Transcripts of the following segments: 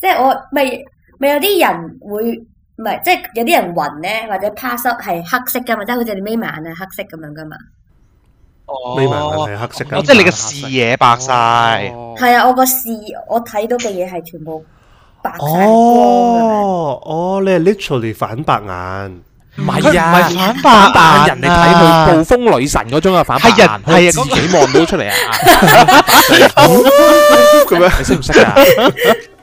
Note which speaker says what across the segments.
Speaker 1: 即係我咪咪有啲人會唔係？即係有啲人暈咧，或者 pass up 係黑色噶嘛，即係好似你眯埋眼啊，黑色咁樣噶嘛。哦，
Speaker 2: 眯埋眼
Speaker 3: 係黑色噶，即係你個視野白晒。
Speaker 1: 係、哦哦、啊，我個視我睇到嘅嘢係全部
Speaker 3: 白晒。哦，哦，你係 literally 反白眼，唔係啊，唔係反白眼、啊，反白眼人哋睇佢暴風女神嗰種啊，反白眼，係啊，係啊，自
Speaker 4: 己望到出嚟
Speaker 2: 啊，咁樣，你識唔識啊？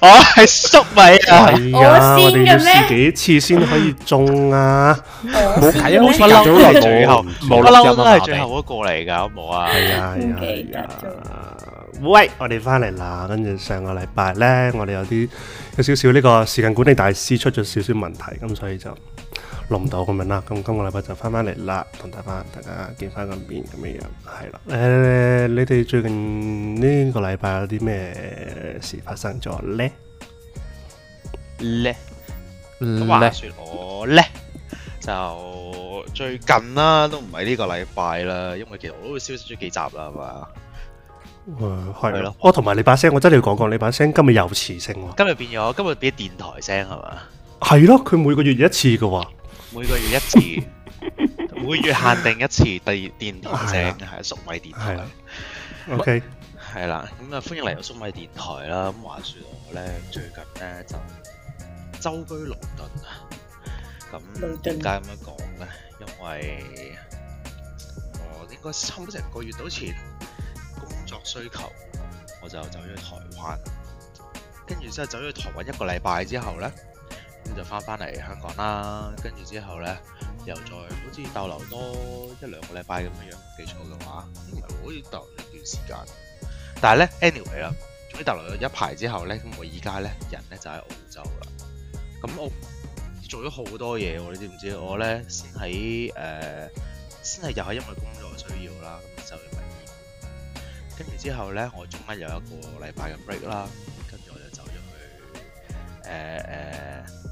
Speaker 4: 我
Speaker 3: 係粟米啊！係啊！我哋要試幾次先可以中啊？冇睇啊！好彩撈到最後，不嬲都係最後一個嚟噶，好唔好啊！係啊！喂，我哋翻嚟啦！跟住上個禮拜咧，我哋有啲有少少呢個時間管理大師出咗少少問題，咁所以就。落唔到咁樣啦，咁今個禮拜就翻翻嚟啦，同大家大家見翻個面咁嘅樣，係啦。誒、呃，你哋最近呢個禮拜有啲咩事發生咗咧？咧，
Speaker 2: 咁
Speaker 3: 話説我咧
Speaker 2: 就最近啦、啊，都唔係呢個禮拜啦，因為其實我都消失咗幾集啦，係嘛？
Speaker 3: 誒、嗯，係咯。哦，同埋你把聲，我真係要講講你把聲，今有、啊，今日又磁性喎。
Speaker 2: 今日變咗，今日變電台聲係嘛？
Speaker 3: 係咯，佢每個月一次嘅喎。
Speaker 2: 每個月一次，
Speaker 3: 每月限
Speaker 2: 定一次。第二電台聲係粟米電台。
Speaker 3: OK，係啦，咁啊歡迎嚟到粟米電台啦。咁話説我咧最近咧就
Speaker 2: 舟車勞頓啊，咁點解咁樣講咧？因為我應該差唔多成個月到前工作需求，我就走咗去台灣，跟住之後走咗去台灣一個禮拜之後咧。就翻翻嚟香港啦，跟住之後咧，又再好似逗留多一兩個禮拜咁樣樣，唔記錯嘅話，可、嗯、以逗留一段時間。但係咧，anyway 啦，總之逗留咗一排之後咧，咁我而家咧人咧就喺澳洲啦。咁我做咗好多嘢，我你知唔知？我咧先喺誒，先係又係因為工作需要啦，咁就要跟住之後咧，我做乜？有一個禮拜嘅 break 啦，跟住我就走咗去誒誒。呃呃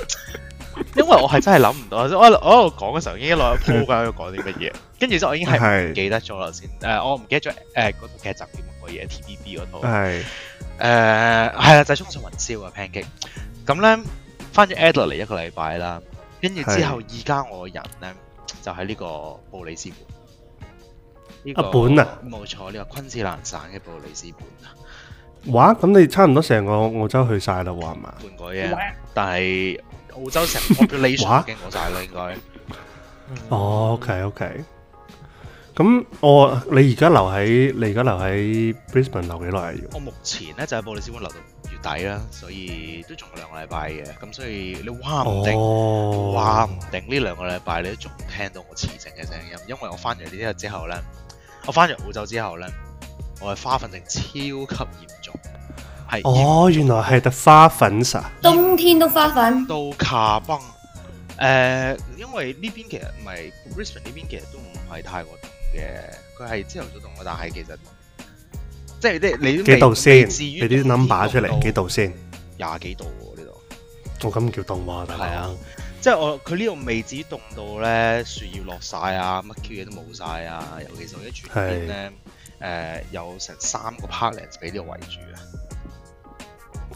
Speaker 3: 因為我係真係諗唔
Speaker 2: 到，我喺我喺度講嘅時候已經落咗鋪架喺度講啲乜嘢，跟住之後我已經係唔記得咗啦先。誒，我唔記得咗誒嗰套劇集叫乜嘢 TVB 嗰套。係誒係啦，就係衝上雲霄啊！Pancake 咁咧，翻咗 Ad 嚟一個禮拜啦，跟住之後，而家我個人咧就喺呢個布里斯本。一本啊，冇錯，呢個昆士蘭省嘅布里斯本啊。
Speaker 3: 哇，咁你差唔多成個澳洲去晒啦，係嘛？換過嘢，
Speaker 2: 但係。澳洲成個 population 驚我曬啦，應該。
Speaker 3: 哦，OK OK。咁我你而家留喺你而家留喺 Brisbane 留幾耐？我目前
Speaker 2: 咧就喺布里斯本留到月底啦，所以都仲有兩個禮拜嘅。咁所以你話唔定，
Speaker 3: 話唔
Speaker 2: 定呢兩個禮拜你都仲聽到我辭職嘅聲音，因為我翻咗呢日之後咧，我翻咗澳洲之後咧，我係花粉症超級嚴重。哦，
Speaker 3: 原來係得花粉咋？
Speaker 2: 冬天都花粉。到卡崩，誒、呃，因為呢邊其實唔係，Brisbane 呢邊其實都唔係太過凍嘅，佢係朝頭早凍啊，但係其實即係啲你度
Speaker 3: 先？未至於你啲 number 出嚟，幾度先？廿幾度喎呢度，啊，仲咁叫凍話係啊？
Speaker 2: 即係我佢呢度未止凍到咧，樹葉落晒啊，乜 Q 嘢都冇晒啊，尤其是我喺荃邊咧，誒、呃，有成三個 parklands 俾呢度圍住啊。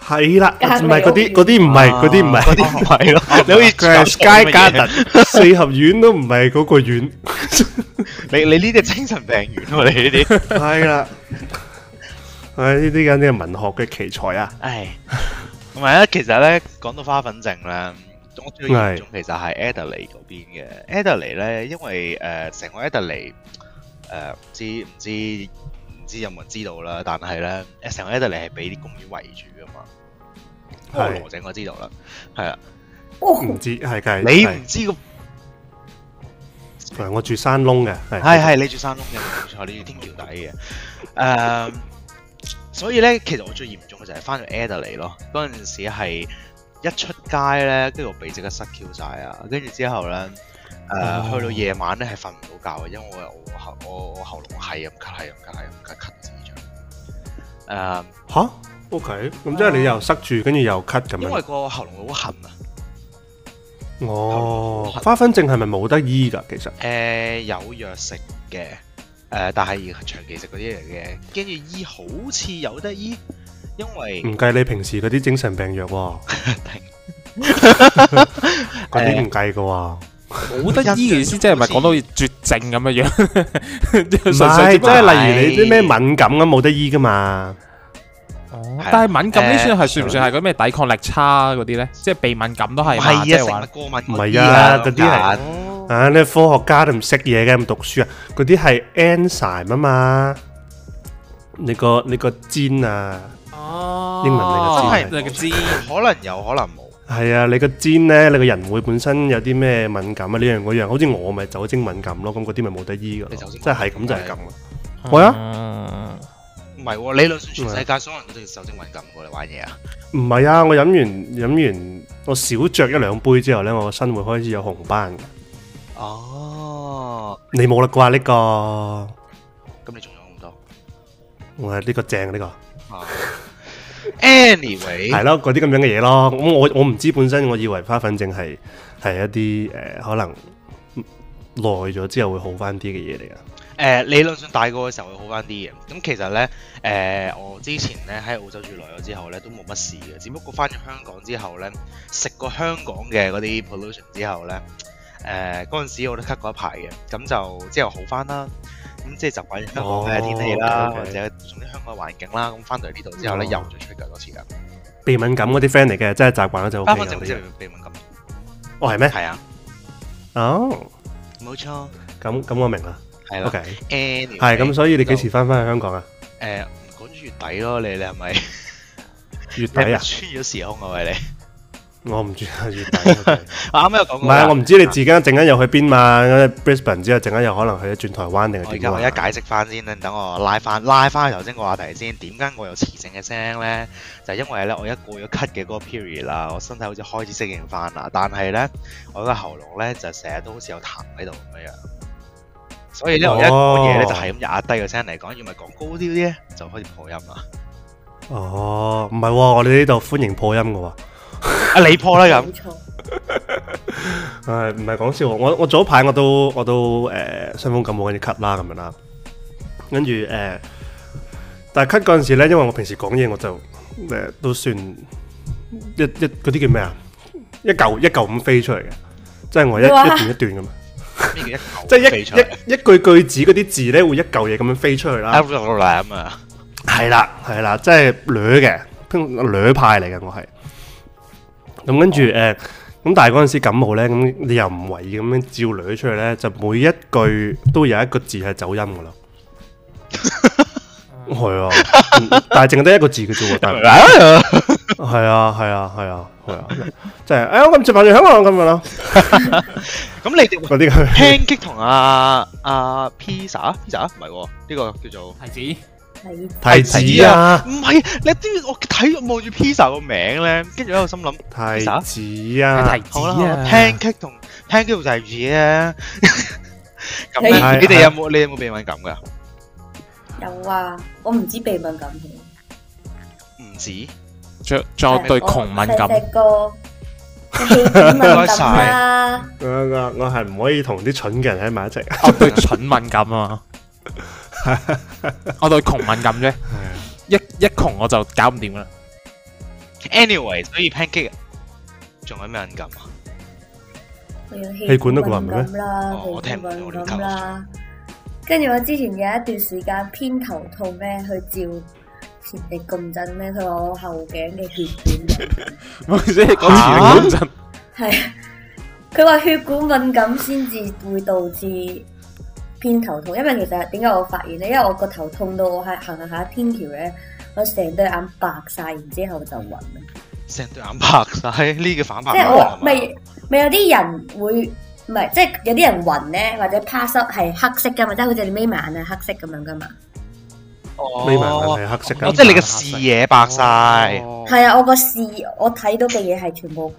Speaker 3: 係啦，唔係嗰啲、嗰啲唔係嗰啲、唔係嗰啲唔係咯。你好似 Sky Garden 四合院都唔係嗰個院。你你呢啲係精神病院喎？你呢啲係啦。唉，呢啲咁啲文學嘅奇才啊。係
Speaker 2: 同埋咧，其實咧講到花粉症咧，我最嚴重其實係 Adelaide 嗰邊嘅 Adelaide 咧，因為誒成個 Adelaide 誒，唔知唔知唔知有冇人知道啦。但係咧，成個 Adelaide 係俾啲公園圍住。係羅井我知道啦，係啦，唔、啊、知係佢、啊啊，你唔知個，
Speaker 3: 我住山窿嘅，係係、啊啊、你住山窿
Speaker 2: 嘅，冇錯，你住， 你住天橋底嘅，誒、um，所以咧，其實我最嚴重嘅就係翻咗 Adelaide 咯，嗰陣時係一出街咧，跟住我鼻即刻塞 Q 晒啊，跟住之後咧，誒、呃嗯，去到夜晚咧係瞓唔到覺嘅，因為我我，我，我，我喉我我喉嚨係咁咳係咁咳係咁咳咳止咗，
Speaker 3: 誒，吓？O K，咁即係你又塞住，跟住又咳咁樣。因為
Speaker 2: 個喉嚨好痕啊。
Speaker 3: 哦。花粉症係咪冇得醫噶？其實。誒、呃，有藥食嘅。誒、呃，但係要長期食嗰啲嚟嘅，
Speaker 2: 跟住醫好似有得醫，因為唔計
Speaker 3: 你平時嗰啲精神病藥。停、 嗯。嗰啲唔計噶喎。冇、呃、得醫嘅意思即係咪講到絕症咁樣樣？唔 係好像， 即係例如你啲咩敏感咁冇得醫噶嘛？但係敏感呢？算係算唔算
Speaker 4: 係嗰咩抵抗力差嗰啲咧？即係鼻敏感都係嘛？唔係啊，嗰啲係
Speaker 3: 啊，啲科學家都唔識嘢嘅，唔讀書啊，嗰啲係 enzyme 啊嘛。你個你個尖啊，哦，英文
Speaker 2: 你個尖，可能有可能冇。
Speaker 3: 係啊，你個尖咧，你個人會本身有啲咩敏感啊？呢樣嗰樣，好似我咪酒精敏感咯，咁嗰啲咪冇得醫噶，即係係咁就係咁啦。係啊。唔係喎，你攞全世
Speaker 2: 界、啊、所有人都要酒精敏感過嚟玩嘢啊？
Speaker 3: 唔係啊，我飲完飲完，我小酌一兩杯之後咧，我個身會開始有紅斑嘅。哦、啊，你冇啦啩呢個？
Speaker 2: 咁、啊、你仲有咁多？
Speaker 3: 我係呢個正呢、呢個。啊、anyway，係 咯，嗰啲咁樣嘅嘢咯。咁我我唔知本身，我以為花粉症係係一啲誒、呃、可能耐咗之後會好返啲嘅嘢嚟噶。
Speaker 2: 誒，理論上大個嘅時候會好翻啲嘅。咁其實咧，誒、呃、我之前咧喺澳洲住耐咗之後咧都冇乜事嘅，只不過翻咗香港之後咧，食過香港嘅嗰啲 pollution 之後咧，誒嗰陣時我都咳過一排嘅，咁就之後好翻啦，咁即係習慣香港嘅天氣啦，或者從啲香港嘅環境啦，咁翻到嚟呢度之後咧、哦、又再出幾多次
Speaker 3: 㗎。鼻敏感嗰啲 friend 嚟嘅，即係習慣咗就 O K 嘅。哦，係咩？係啊。哦。
Speaker 2: 冇錯。
Speaker 3: 咁咁我明啦。係係咁，okay. anyway, 所以你幾時翻翻去香港啊？
Speaker 2: 誒、呃，唔趕月底咯，你你係咪月底啊？是是穿越咗時空我喂 你！我唔住月底。 Okay . 我剛剛不，我啱啱又講過唔係，我唔知道你自
Speaker 3: 己陣間又去邊嘛？Brisbane 之後，陣間有可能去轉台灣定係點啊？我而
Speaker 2: 家解釋翻先，等我拉翻拉翻頭先個話題先。點解我有磁性嘅聲咧？就是，因為咧我一過咗咳嘅嗰個 period 啦，我身體好似開始適應翻啦。但係咧，我個喉嚨咧就成日都好似有痰喺度咁樣。所以咧，我一嘢咧就係咁壓低個聲嚟講，要唔係講高啲啲咧就可以破音啦。
Speaker 3: 哦，唔係喎，我哋呢度歡迎破音嘅 啊你破啦咁。唉，唔係講笑，我我早一排我，我都我都誒，傷、呃、風感冒跟住咳啦咁樣啦，跟住誒，但係咳嗰陣時咧，因為我平時講嘢我就誒、呃、都算一一啲叫咩啊？一嚿一嚿咁飛出嚟嘅，即係我一一段一段咁嘛即係一 一一,一句句子嗰啲字咧，會一嚿嘢咁樣飛出去啦。咁啊，係啦係啦，即、啊、係捋嘅，捋派嚟嘅我係。咁跟住誒，咁、嗯呃、但係嗰陣時感冒咧，咁你又唔為意咁樣照捋出去咧，就每一句都有一個字係走音噶啦。 係啊，但係淨得一個字嘅啫喎，但係係啊，係啊，係啊，係啊，即係，哎呀，我唔食麻雀香啊，咁樣咯。咁你哋，嗰啲嘅，pizza
Speaker 2: 同阿阿 pizza，pizza 唔係喎，呢個叫做提子，提子啊，唔係，你啲我睇望住 pizza 個名咧，跟住喺度心諗，提子啊，提子啊，pizza 同 pizza 就係熱啊，咁呢？你哋有冇你有冇咩敏感噶？有啊，我唔知鼻敏感，唔止仲有
Speaker 4: 對窮敏感，氣管敏感
Speaker 3: 我我我係唔可以同啲蠢嘅人喺埋一齊，我、 哦、對蠢敏感啊，
Speaker 4: 我對窮敏感啫， 一一窮我就搞唔掂啦。
Speaker 2: Anyway，所以 Pancake，仲有咩敏感啊？
Speaker 3: 氣管
Speaker 2: 都
Speaker 1: 個敏感咩，哦？我聽唔到你唞。我跟住我之前有一段時間偏頭痛咩？去照磁力共振咩？佢話我後頸嘅血管，冇
Speaker 2: 事
Speaker 1: 佢話血管敏感先至會導致偏頭痛，因為其實點解我發現咧？因為我個頭痛到我係行行下天橋咧，我成對眼白晒，然之後就暈。
Speaker 2: 成對眼白晒，呢、這個反白光係嘛？
Speaker 1: 未未有啲人會。唔係，即係有啲人暈咧，或者 pass out 係黑色噶嘛，即係好似你眯埋眼啊，黑色咁樣噶嘛。哦，眯埋
Speaker 2: 眼係黑色噶，oh, 即係你嘅視野白晒。
Speaker 1: 係、oh. oh. 啊，我個視我睇到嘅嘢係全部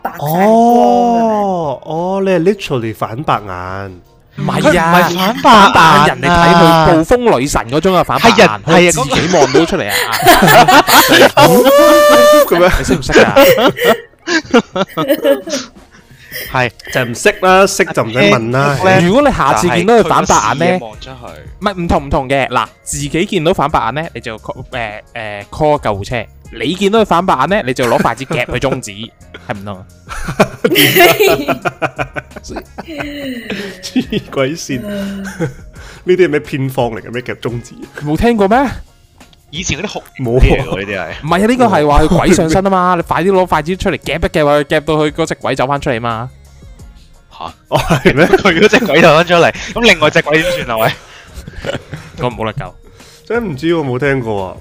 Speaker 3: 白晒哦，哦、oh.，oh, 你係 literally 反白眼？唔係啊，唔係反，啊、反，反白眼，係人哋睇佢暴風女神嗰種啊反白眼，係自己望 到出嚟啊！
Speaker 2: 咁 樣 你識唔識啊？ 係就唔、係、識啦，
Speaker 3: 識就唔使問啦、欸欸。如果你下次見到佢反白眼咧，
Speaker 4: 唔係唔同唔同嘅嗱，自己見到反白眼咧，你就 call 誒誒 call 救護車。你見到佢反白眼咧，你
Speaker 3: 就攞筷子夾佢中指，係唔通？黐鬼線，呢啲係咩偏方嚟嘅？咩夾中指？佢冇聽過咩？以前嗰啲好冇嘢喎，呢啲係唔係啊？呢個係話佢鬼上身
Speaker 4: 啊嘛！你快啲攞筷子出嚟夾一夾，話佢夾到佢嗰隻鬼走翻出嚟嘛？
Speaker 2: 吓哦係咩？佢嗰隻鬼走翻出嚟，咁另外隻鬼點算啊？喂，咁冇得救，
Speaker 3: 真係唔知，我冇聽過啊！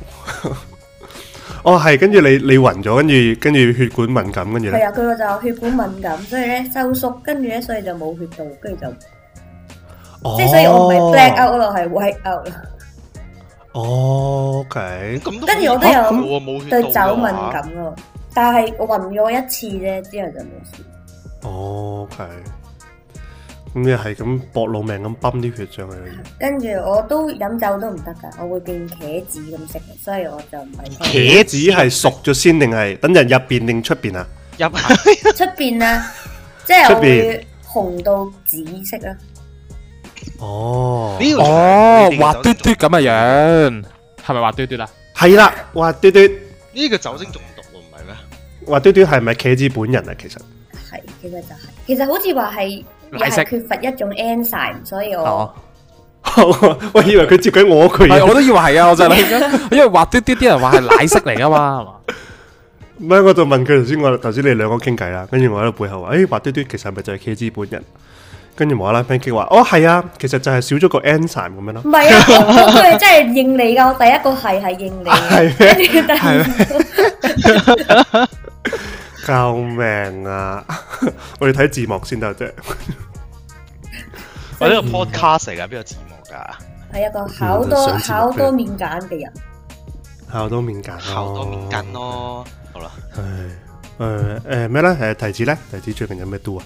Speaker 3: 哦，係跟住你你暈咗，跟住跟住血管敏感，跟住係啊，
Speaker 1: 佢就血管敏感，所以咧收縮，跟住咧所以就冇血到，跟住
Speaker 3: 就即係所以我唔係 black
Speaker 1: out 咯，係 white out。
Speaker 3: 哦，OK，咁跟住我都有冇，對酒敏感
Speaker 1: 咯、啊，但係我暈咗一次咧，之後就冇事。哦
Speaker 3: ，OK，咁又係咁搏老命咁泵啲血上去。
Speaker 1: 跟住我都飲酒都唔得噶，我會變茄子咁食，所以我就唔係。茄子係
Speaker 3: 熟咗先定係等人入邊定出邊啊？
Speaker 1: 入出邊啊？ 即係紅到紫色啊？
Speaker 3: 哦，呢哦，滑嘟嘟咁嘅樣，係咪滑嘟嘟啦？係啦，滑嘟嘟。呢個
Speaker 2: 酒
Speaker 3: 精中毒喎，唔係咩？滑嘟嘟係咪茄子本人啊？其實係，其實就
Speaker 1: 係、係。其實好似話係其實缺乏一種 enzyme，所以
Speaker 3: 我、哦、 我以為佢接緊我佢
Speaker 4: 我都以為係啊，我真
Speaker 3: 係， 因為滑嘟嘟啲人話係奶色嚟噶嘛，係嘛？唔係，我就問佢先，我頭先你兩個傾偈啦，跟住我喺度背後話，誒、欸，滑嘟嘟其實係咪就係茄子本人？跟住無啦啦，friend 機話哦，係啊，其實就係少咗個 answer 咁樣咯。唔係啊，我係真係
Speaker 1: 認你噶。我第一個係係認你，
Speaker 3: 救命啊！我哋睇字幕先得啫。
Speaker 2: 我呢個 podcast 嚟嘅，邊有字幕㗎？係一個好
Speaker 1: 多好多面揀嘅
Speaker 3: 人，好多面揀，好多面揀咯。好啦，係誒誒咩咧？誒提子咧？提子最近有咩 do 啊？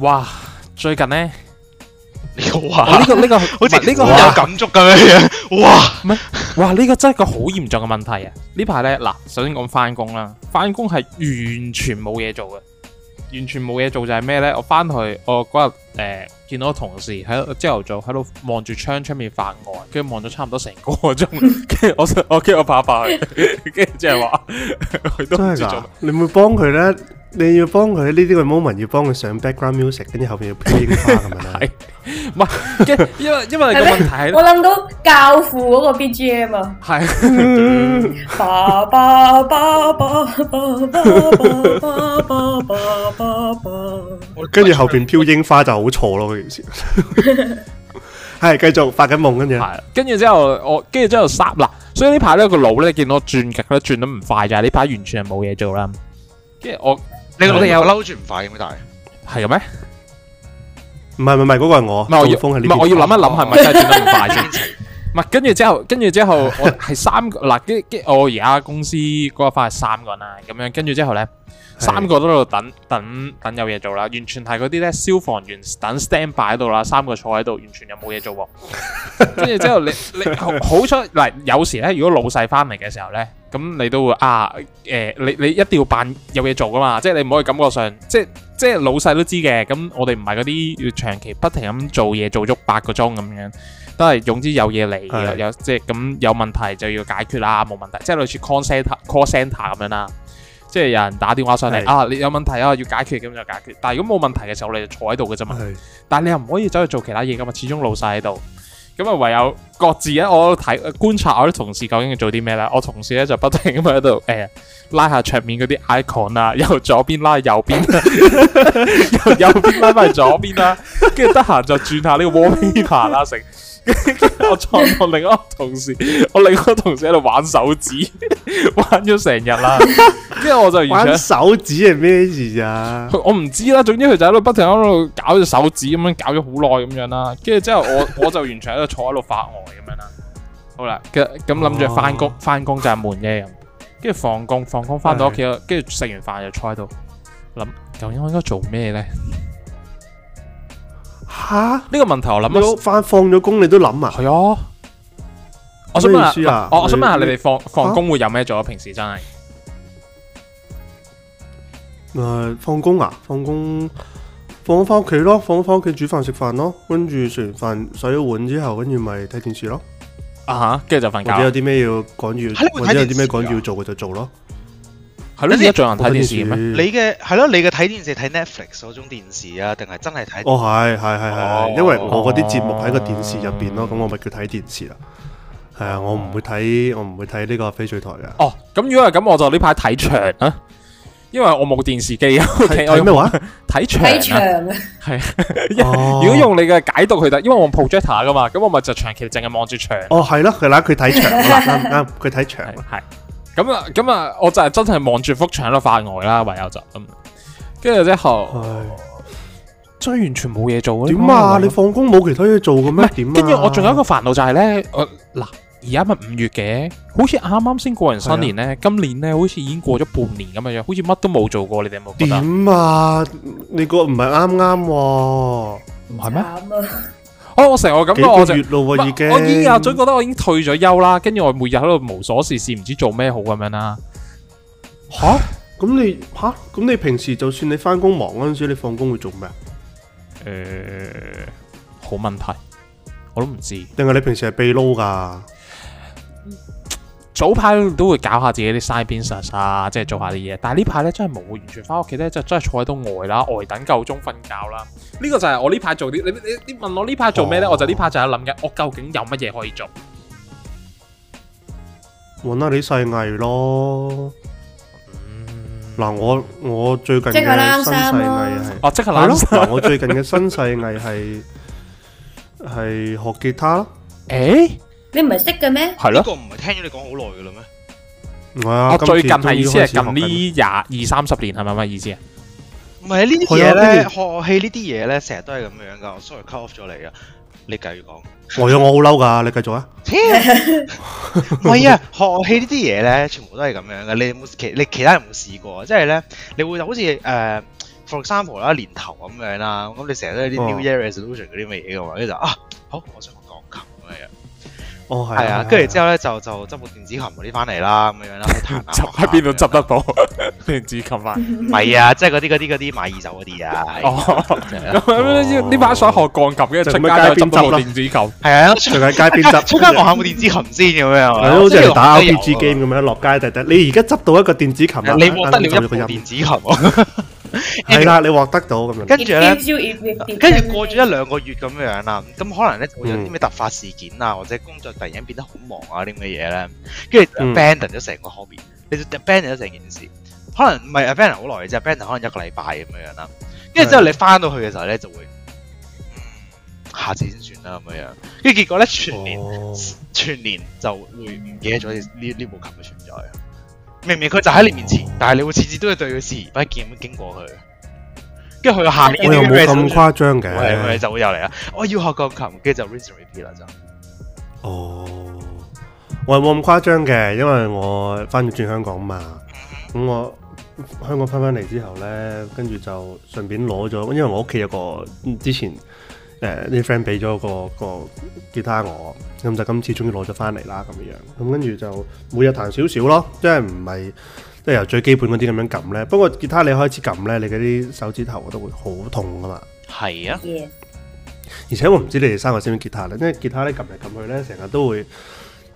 Speaker 3: 哇！最近呢，哇！呢、哦，這個呢、這個好似呢、這個好有感觸咁樣樣，
Speaker 4: 哇咩？哇呢、這個真係個好嚴重嘅問題啊！呢排呢，嗱，首先講翻工啦，翻工係完全冇嘢做嘅，完全冇嘢做就係咩呢？我翻去我嗰日誒見到我同事喺朝頭早喺度望住窗出面發呆，跟住望咗差唔多成個鐘，跟、嗯、住我我驚我怕怕佢，跟住即係話佢都唔知做。
Speaker 3: 你會幫佢呢？你要幫佢呢啲個 moment，要幫佢上 background music，跟住後邊要飄櫻花咁樣係，唔 係是嗎 因
Speaker 1: 為因為個問題我諗到教父嗰個 BGM 啊，係爸爸爸爸爸爸爸爸爸爸爸，
Speaker 3: 跟住後邊飄櫻花就好錯咯。件事係繼續發緊夢，跟住係跟住之後
Speaker 4: 我跟住之後殺喇，所以呢排咧個腦咧見到轉極咧轉得唔快，就係呢排完全係冇嘢
Speaker 3: 做啦，跟住
Speaker 2: 我。你老
Speaker 3: 細又嬲住唔快嘅咩？大係係嘅咩？唔係唔係唔係，嗰個係我，唔係我要諗一諗係咪真係轉得咁快先？
Speaker 4: 唔係跟住之後，跟住之後我係三個嗱，即即我而家公司嗰個班係三個人咁樣，跟住之後咧，三個都喺度等等等有嘢做啦，完全係嗰啲咧消防員等 standby 喺度啦，三個坐喺度，完全又冇嘢做。跟住之後你你好彩，嗱有時咧，如果老細翻嚟嘅時候咧。咁你都會啊誒、呃，你你一定要扮有嘢做噶嘛，即係你唔可以感覺上，即係即係老細都知嘅。咁我哋唔係嗰啲要長期不停咁做嘢，做足八個鐘咁樣，都係總之有嘢嚟，有即係咁有問題就要解決啦，冇問題即係類似 call centre call centre 咁樣啦，即係有人打電話上嚟啊，你有問題啊要解決咁就解決，但係如果冇問題嘅時候，你就坐喺度嘅啫嘛。是但係你又唔可以走去做其他嘢，㗎嘛，始終老細喺度。咁啊，唯有各自咧、啊，我睇觀察我啲同事究竟要做啲咩呢？我同事咧就不停咁喺度誒拉下桌面嗰啲 icon 啊，由左邊拉右邊、啊， 由右邊拉翻左邊啦、啊，跟住得閒就轉下呢個 wallpaper 啦、啊，成。 我坐我另一個同事，我另一個同事喺度玩手指，玩咗成日啦。跟住我就完全玩手指係咩事啊？ 我唔知啦，總之佢就喺度不停喺度搞隻手指咁樣，搞咗好耐咁樣啦。跟住之後我 我就完全喺度坐喺度發呆、呃、咁樣啦。好啦，咁諗住翻工翻工就係悶啫。咁，跟住放工放工翻到屋企，跟住食完飯就坐喺度諗，究竟我應該做咩呢？吓呢、這個問題我諗
Speaker 3: 翻放咗工你都諗啊？係啊，啊，啊，啊我我，我想問下，我我想問下你哋放你放，放工
Speaker 4: 會有咩做、啊？平時真
Speaker 3: 係誒、呃，放工啊，放工放翻屋企咯，放翻屋企煮飯食飯咯，跟住食完飯洗咗碗之後，跟住咪睇電視咯。啊，跟住就瞓覺、啊。或者有啲咩要趕住要、啊啊，或者有啲咩趕住要做嘅就做咯。你而家仲有人睇電視咩？你
Speaker 2: 嘅係咯，你嘅睇電視睇 Netflix 嗰種電視啊，定係真係睇電視？哦，係係係係，因為我嗰啲節目喺個
Speaker 3: 電視入邊咯，咁我咪叫睇電視啦。係啊，我唔會睇，我唔會睇呢個翡翠台嘅。哦，咁如果係咁，我就呢排睇牆啦，
Speaker 4: 因為我冇電視機 我啊。咩話啊？睇 牆、哦。睇牆。係如果用你嘅解讀去睇，因為我用 projector 噶嘛，咁我咪就長期淨係望住牆。哦，係咯，
Speaker 3: 佢拉佢睇牆，啱
Speaker 4: 啱佢睇牆係。 對對 咁啊，咁啊，我就係真係望住幅牆喺度發呆啦，唯有就咁，跟、
Speaker 3: 嗯、住之
Speaker 4: 後真係完全冇嘢做啊。點啊？
Speaker 3: 你放工冇其他嘢做嘅咩？點？跟住、啊、我仲有一個煩惱就係、是、咧，
Speaker 4: 我嗱而家咪五月嘅，好似啱啱先過完新年咧、啊，今年咧好似已經過咗半年咁樣，好似乜都冇做過。你哋有冇？點
Speaker 3: 啊？你個唔係啱啱喎？唔係咩？啱啊！
Speaker 4: 我我成日咁咯，我唔係我依家、啊、
Speaker 3: 總覺得我已經退
Speaker 4: 咗休啦，跟住我每日喺度無所事事，唔知做咩好咁樣啦。
Speaker 3: 吓、啊？咁你吓？咁、啊、你平時就算你翻工忙嗰陣時，你放工會做咩？誒、呃，好問題，我都唔知。定係你平時係秘撈㗎？
Speaker 4: 早排都會搞下自己啲 side business 啊，即係做下啲嘢。但係呢排咧真係冇完全翻屋企咧，就真係坐喺度呆啦，呆等夠鐘瞓覺啦。呢個就係我呢排做啲你你你問我呢排做咩咧？我就呢排就係諗緊，我究竟有乜嘢可以做？
Speaker 3: 搵下啲細藝咯。嗱，我我最近即係佢啱啱新細藝係啊，即係嗱，我最近嘅新細藝係係學吉他咯。誒？你
Speaker 2: 唔係識嘅咩？係咯，呢、這個唔係聽咗你講好耐嘅嘞咩？
Speaker 3: 唔係啊，我、啊、最近係意思係近呢廿
Speaker 4: 二三十年係咪乜意思
Speaker 2: sorry，了了啊？唔係呢啲嘢咧，學樂器呢啲嘢咧，成日都係咁樣噶。sorry，cut off 咗你啊！你繼續講。
Speaker 3: 我有我好嬲噶，你繼續啊！切，
Speaker 2: 唔係啊，學樂器呢啲嘢咧，全部都係咁樣嘅。你有冇你，你其他人有冇試過？即係咧，你會好似誒，for example 啦、uh, example，年頭咁樣啦，咁你成日都有啲 new year resolution 嗰啲乜嘢噶嘛？跟、嗯、住就啊，好，我想學鋼琴咁樣。哦係，啊，跟住之後咧就就執部電子琴嗰啲翻嚟啦咁樣啦，彈，喺邊度執得到電子琴啊？唔 係啊，即係嗰啲嗰啲嗰啲買二手嗰啲啊。哦，咁
Speaker 3: 呢排想學鋼琴，跟住就喺街邊執電子琴。係啊，除 喺街邊執。鋪 街望下有冇電子琴先咁樣、 啊、好似係打 RPG game 咁樣，落街趯趯，你而家執到一個電子琴啊？就就你冇得你一個電子琴。 係啦、啊，你獲得到咁樣,樣，跟住咧，跟住
Speaker 2: 過咗一兩個月咁樣樣啦，咁可能咧會有啲咩突發事件啊，嗯、或者工作突然間變得好忙啊啲咁嘅嘢咧，跟住 abandon 咗成個 hobby，、嗯、你就 abandon 咗成件事，可能唔係 abandon 好耐嘅啫，abandon 可能一個禮拜咁樣樣啦，跟住之後你翻到去嘅時候咧就會，下次先算啦咁樣樣，跟住結果咧全年、oh. 全年就會唔記得咗呢呢部琴嘅存在。明明佢就喺你面前，哦、但係你會次次都係對佢視而不見咁經過佢，跟住去到下面。我又冇咁誇張嘅，係咪就會又嚟啦？我要學鋼琴，跟住就 research 啦就。哦，
Speaker 3: 我冇咁誇張嘅，因為我翻轉香港嘛。咁 我香港翻翻嚟之後咧，跟住就順便攞咗，因為我屋企有個之前。誒啲 friend 俾咗個個吉他我，咁就今次終於攞咗返嚟啦咁樣，咁跟住就每日彈少少咯，即係唔係即係由最基本嗰啲咁樣撳咧。不過吉他你開始撳咧，你嗰啲手指頭都會好痛噶嘛。係啊，而且我唔知你哋三個識唔識吉他咧？因為吉他咧撳嚟撳去咧，成日都會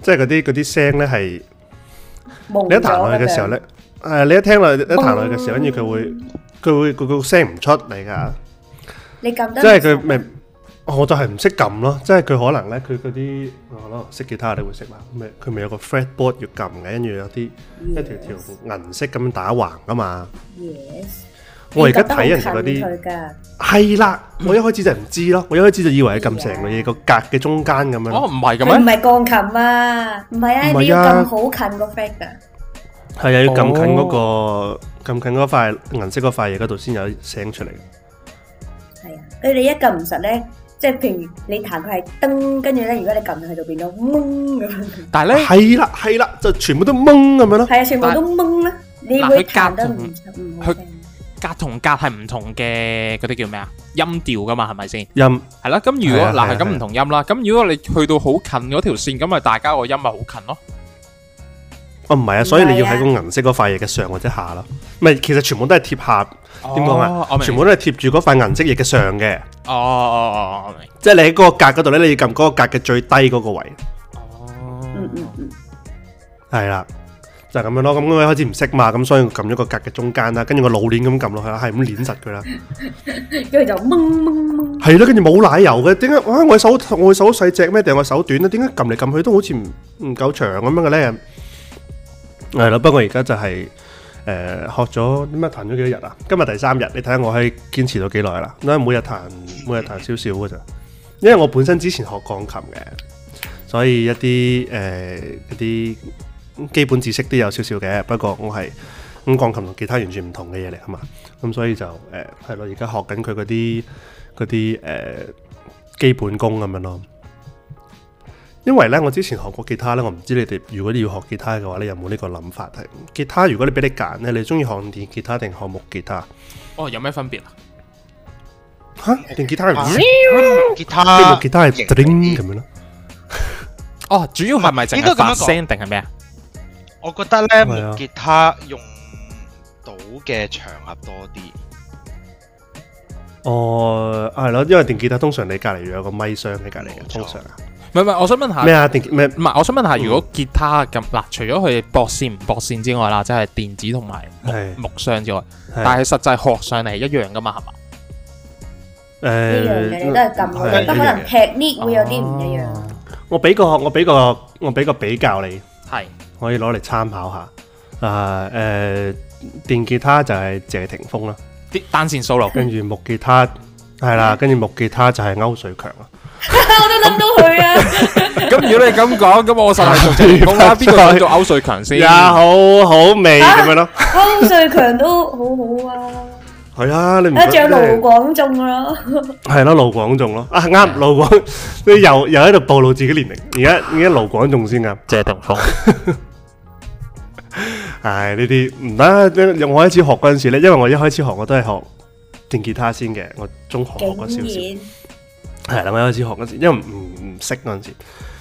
Speaker 3: 即係嗰啲嗰啲聲咧係，
Speaker 1: 你一彈落去嘅時候
Speaker 3: 咧，誒你一聽落去一彈落去嘅時候，跟住佢會佢會個個聲唔出嚟噶，你撳得，
Speaker 1: 即係佢
Speaker 3: 咩？我就係唔識撳咯，即係佢可能咧，佢嗰啲我咯識吉他，你會識嘛？咁咪佢咪有個 fret board 要撳嘅，跟住有啲一條條銀色咁打橫噶嘛。
Speaker 1: Yes，
Speaker 3: 我而家睇人哋嗰啲係啦，我一開始就唔知咯。我一開始就以為係撳成個嘢個格嘅中間咁樣。哦，唔係嘅咩？唔
Speaker 1: 係鋼琴啊，唔係啊，你要撳好近個 fret 噶。
Speaker 3: 係啊，要撳近嗰個撳近嗰塊銀色嗰塊嘢嗰度先有聲出嚟。係啊，你哋一撳唔
Speaker 1: 實咧～即係譬如你
Speaker 3: 彈佢係噔，跟住咧，如果你撳佢就變到懵咁。但係咧，係啦係啦，就全部都懵咁樣咯。係啊，全部都懵啦。你佢隔同佢
Speaker 4: 隔同隔係唔同嘅，嗰啲叫咩啊？音調噶嘛係咪先？音係啦。咁如果嗱係咁唔同音啦，咁如果你去到好近嗰條線，咁咪大家個音咪好近咯。
Speaker 3: 我唔係啊，所以你要喺個銀色嗰塊嘢嘅上或者下咯。唔係，其實全部都係貼下點講啊？全部都係貼住嗰塊銀色嘢嘅上嘅。哦哦哦哦，即係你喺嗰個格嗰度咧，你要撳嗰個格嘅最低嗰個位。哦，嗯嗯嗯，係啦，就咁樣咯。咁因為開始唔識嘛，咁所以撳咗個格嘅中間啦。跟住個老練咁撳落去啦，係咁捻實佢啦。跟
Speaker 1: 住就掹掹
Speaker 3: 掹，係啦。跟住冇奶油嘅，點解？我我手我手細隻咩？定我手短啦？點解撳嚟撳去都好似唔唔夠長咁樣嘅咧？係啦，不過而家就係、是、誒、呃、學咗，點解彈咗幾多日啊？今日第三日，你睇下我可以堅持到幾耐啦？因為，每日彈每日彈少少嘅咋。因為我本身之前學鋼琴嘅，所以一啲誒啲基本知識都有少少嘅。不過我係咁鋼琴同吉他完全唔同嘅嘢嚟啊嘛，咁所以就誒係咯，而、呃、家學緊佢嗰啲嗰啲誒基本功咁樣咯。因為咧，我之前學過吉他咧，我唔知你哋，如果你要學吉他嘅話，你有冇呢個諗法？吉他如果你俾你揀咧，你中意學電吉他定學木吉他？
Speaker 4: 哦，有咩分別啊？
Speaker 3: 吓，電吉他唔同吉他，啊啊、吉他係 string 咁樣咯。哦，
Speaker 4: 主要係咪
Speaker 2: 淨係發聲定係咩啊？我覺得咧，啊、木吉他用到嘅場合多啲。哦、嗯，
Speaker 3: 係、啊、咯，因為電吉他通常你隔籬有個咪箱喺隔籬嘅，通常啊。
Speaker 2: 唔係，我想問下咩
Speaker 3: 啊？電唔係，我想問下，我想
Speaker 4: 問下，如果吉他咁嗱、嗯，除咗佢駁線唔駁線之外啦，即係電子同埋
Speaker 3: 木、木
Speaker 4: 箱之外，是但係實際學上嚟係一樣噶嘛，係嘛？誒，一樣嘅都係咁，是可
Speaker 1: 能劈會有啲唔一樣、
Speaker 3: 啊。我俾個我俾個我俾個比較你，係可以攞嚟參考下。誒、啊、誒、呃，電吉他就係謝霆鋒啦，單線 solo。跟住木吉他係啦，跟住木吉他就係區瑞強啦。我都諗到佢啊！咁如果你咁講，咁我實係同陳詠拉邊個，去做歐瑞強先？啊好好味咁樣咯。歐瑞強都好好啊。係啊，你一着盧廣仲咯。係咯，盧廣仲咯。啊啱，盧廣，你又又喺度暴露自己年齡。而家而家盧廣仲先噶，謝霆鋒。唉呢啲唔得。用我開始學嗰陣時咧，因為我一開始學，我都係學電吉他先嘅。我中學學過少少。係諗起嗰時學嗰時，因為唔唔識嗰陣時，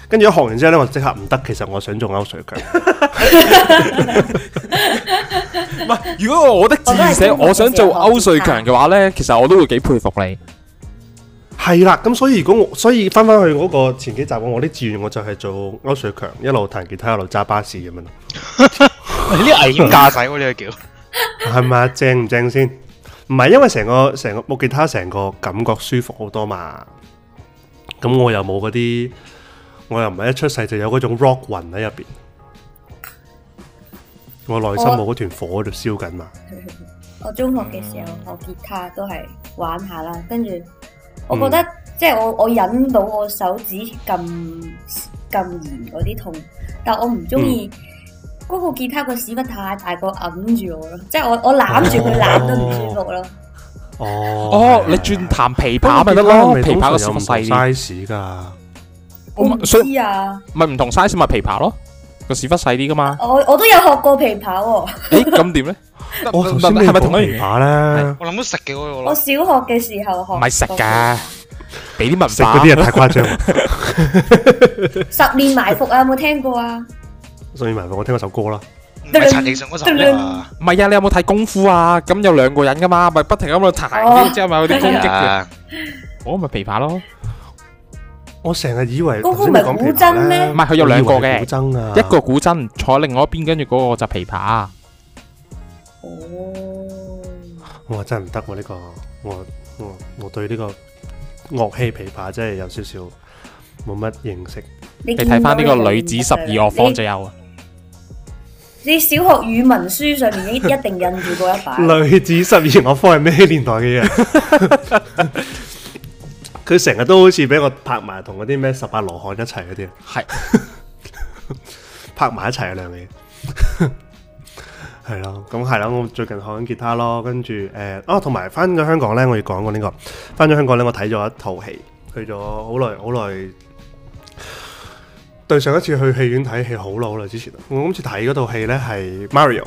Speaker 3: 跟住一學完之後咧，我即刻唔得。其實我想做歐瑞強，唔 係 如
Speaker 4: 果我啲志願寫我想做歐瑞強嘅話咧， 其實我都會幾佩服你
Speaker 3: 係啦。咁所以如果我所以翻翻去嗰個前幾集我啲志願我就係做歐瑞強，一路彈吉他，一路揸巴士咁樣。呢 啲 危險駕駛喎，呢個叫係咪正唔正先？唔係因為成個成個木吉他成個感覺舒服好多嘛。咁我又冇嗰啲，我又唔係一出世就有嗰種 rock 魂，喺入邊，我內心冇嗰團火喺度燒緊嘛。
Speaker 1: 我， 我中學嘅時候學吉他都係玩下啦，跟住我覺得、嗯、即係我我忍到我手指咁咁嚴嗰啲痛，但我唔中意嗰個吉他個屎忽太大個揞住我咯，即係我我攬住佢攬都唔舒服咯。哦。
Speaker 4: 哦，哦， 你轉彈琵琶咪得咯，琵琶個屎忽細啲。size
Speaker 1: 噶，唔係
Speaker 4: 唔同 size 咪琵琶咯，個屎忽細啲噶嘛。
Speaker 1: 我我都有學過琵琶喎。
Speaker 4: 咁點咧？我
Speaker 3: 係咪同一琵琶咧？我諗到
Speaker 2: 食嘅
Speaker 1: 嗰個。我小學嘅時候學。咪
Speaker 3: 食噶，俾啲蜜食嗰啲啊，太誇張。十面埋伏，
Speaker 1: 十面埋伏啊，有、啊、冇聽過啊？
Speaker 3: 十面埋伏，我聽過首歌啦。唔
Speaker 1: 係
Speaker 4: 陳奕迅嗰首啊！唔係啊，你有冇睇功夫啊？咁有兩個人噶嘛，咪不停喺度彈，即係咪佢哋攻擊嘅？
Speaker 1: 我
Speaker 4: 咪琵琶咯。
Speaker 3: 我成日以為功夫咪古箏咩？唔係，佢有兩個嘅，一個
Speaker 4: 古箏坐喺另外一邊，跟住嗰個就琵琶。
Speaker 3: 哦。哇真係唔得喎呢個，我我我對呢個樂器琵琶真係有少少冇乜認識。你睇翻呢個女子十二樂坊就有啊。
Speaker 1: 你小學語文書上
Speaker 3: 面一定印住嗰一版《女 子十二樂坊》係咩年代嘅嘢？佢成日都好似俾我拍埋同嗰啲咩十八羅漢一齊嗰啲，係 拍埋一齊兩樣嘢，係 咯。咁係啦，我最近學緊吉他咯，跟住誒，哦、啊，同埋翻咗香港咧，我要講個呢、呢個。翻咗香港咧，我睇咗一套戲，去咗好耐，好耐。對上一次去戲院睇戲好老啦，之前我今次睇嗰套戲呢係 Mario。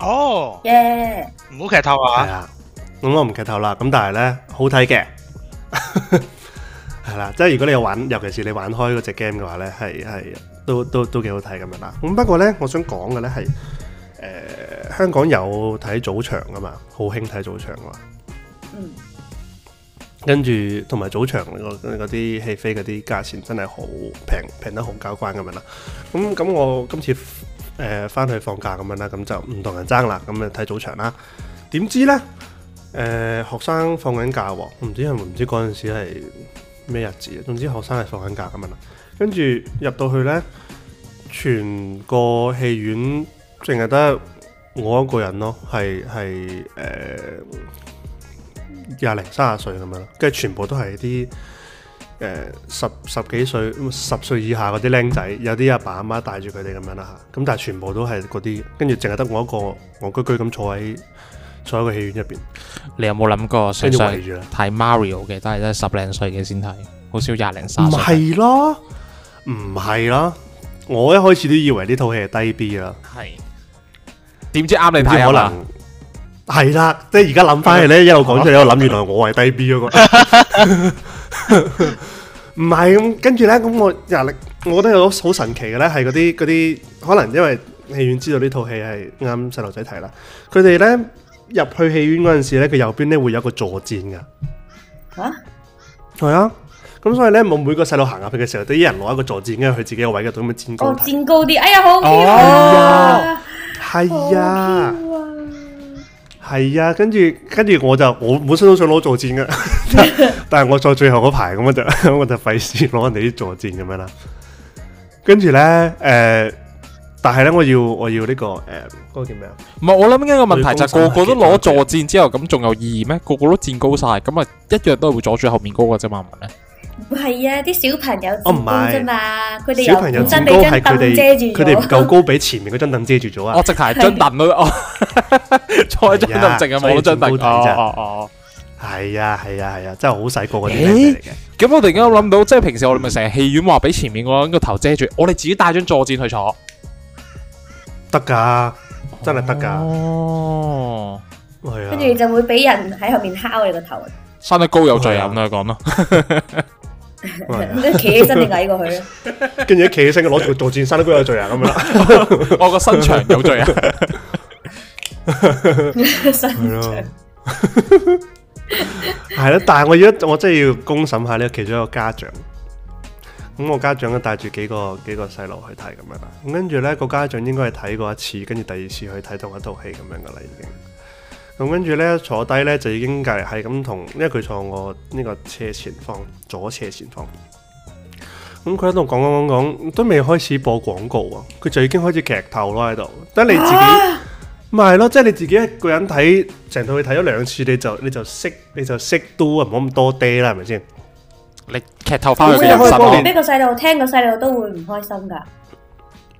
Speaker 3: 哦、oh,
Speaker 2: yeah.，耶，
Speaker 3: 唔好劇透啊！係啊，咁我唔劇透啦。咁但係呢，好睇嘅，係 啦，即係如果你有玩，尤其是你玩開嗰隻 game 嘅話呢，係係都都都幾好睇咁樣啦。咁不過呢，我想講嘅呢係，誒、呃，香港有睇早場噶嘛，好興睇早場噶嘛。嗯。跟住，同埋早場嗰啲戲飛嗰啲價錢真係好平，平得好交關咁樣啦，咁咁我今次返翻、呃、去放假咁樣啦，咁就唔同人爭啦，咁咪睇早場啦。點知呢、呃？學生放緊假喎，唔知係咪唔知嗰陣時係咩日子啊？總之學生係放緊假咁樣啦。跟住入到去呢，全個戲院淨係得我一個人咯，係係廿零、三十歲咁樣咯，跟住全部都係啲誒十十幾歲、十歲以下嗰啲僆仔，有啲阿爸阿媽，媽帶住佢哋咁樣啦嚇，咁但係全部都係嗰啲，跟住淨係得我一個，戇居居咁坐喺坐喺個戲院入邊。
Speaker 4: 你有冇諗過想睇 Mario 嘅？但係都係十零歲嘅先睇，好少廿零三。唔
Speaker 3: 係咯，唔係咯，我一開始都以為呢套戲係低 B 啦，係點知啱你睇可能？啊。係啦，即係而家諗翻起咧，一路講出嚟，我諗原來我係低 B 嗰、嗰個，唔係咁。跟住咧，咁我壓力，我覺得有好神奇嘅咧，係嗰啲嗰啲，可能因為戲院知道這戲是的呢套戲係啱細路仔睇啦。佢哋咧入去戲院嗰陣時咧，佢右邊咧會有個坐墊噶。吓？係啊。咁、啊、所以咧，冇每個細路行入去嘅時候，都一人攞一個坐墊，跟住佢自己個位嘅，對唔住，我。哦，高哎、
Speaker 1: 好高啲、啊哦，哎呀，好高啊，
Speaker 3: 哎呀、啊。係啊，跟住跟住我就我本身都想攞座墊噶，但係 我坐最後嗰排，咁我就我就費事攞人哋啲座墊咁樣啦。跟住呢，誒、呃，但係呢，我要我要呢、這個誒，嗰、呃那個叫咩啊？唔係
Speaker 4: 我諗緊一個問題，就係個個都攞座墊之後，咁仲有意義咩？個個都墊，個個都高晒，咁啊一樣都係會阻住後面嗰個啫嘛？係咪？咩？
Speaker 1: 唔係啊，啲小
Speaker 4: 朋友唔高啫嘛，佢哋小朋友唔高係佢哋，佢哋唔夠高
Speaker 3: 俾前面嗰張凳遮住咗 啊！我直係張凳咯，坐喺張凳正啊，冇張凳嘅啫。哦，係啊，係啊，係啊，啊，
Speaker 4: 真係好細個嘅嘢嚟嘅。咁我突然間諗到，即係平時我哋咪成日戲院話俾前面個個頭遮住，我哋自己帶張坐墊去坐
Speaker 3: 得噶，真係得噶。哦，係啊，
Speaker 4: 跟住就會俾人喺
Speaker 1: 後面敲你個
Speaker 4: 頭。生得高有
Speaker 3: 罪啊！咁樣講咯。 你企起身定矮過去跟住一企起身，攞 住做作戰衫都都有罪啊！咁樣，我個身長有罪啊！係咯，係咯，但係我而家我真係要公審下呢其中一個家長。咁我家長都帶住幾個幾個細路去睇咁樣啦。咁跟住咧個家長應該係睇過一次，跟住第二次去睇同一套戲咁樣噶啦，已經。咁跟住咧坐低咧，就已經隔離係咁同，因為佢坐我呢個斜前方，左斜前方。咁佢喺度講講講講，都未開始播廣告啊。佢就已經開始劇透咯喺度。等你自己，唔、啊、係咯，即係你自己一個人睇，成套戲睇咗兩次，你就你就識，你就識 do 啊。唔好咁多啲啦，係咪先？你劇透翻佢幾十年。
Speaker 1: 俾個細路聽個細路都會唔開心㗎。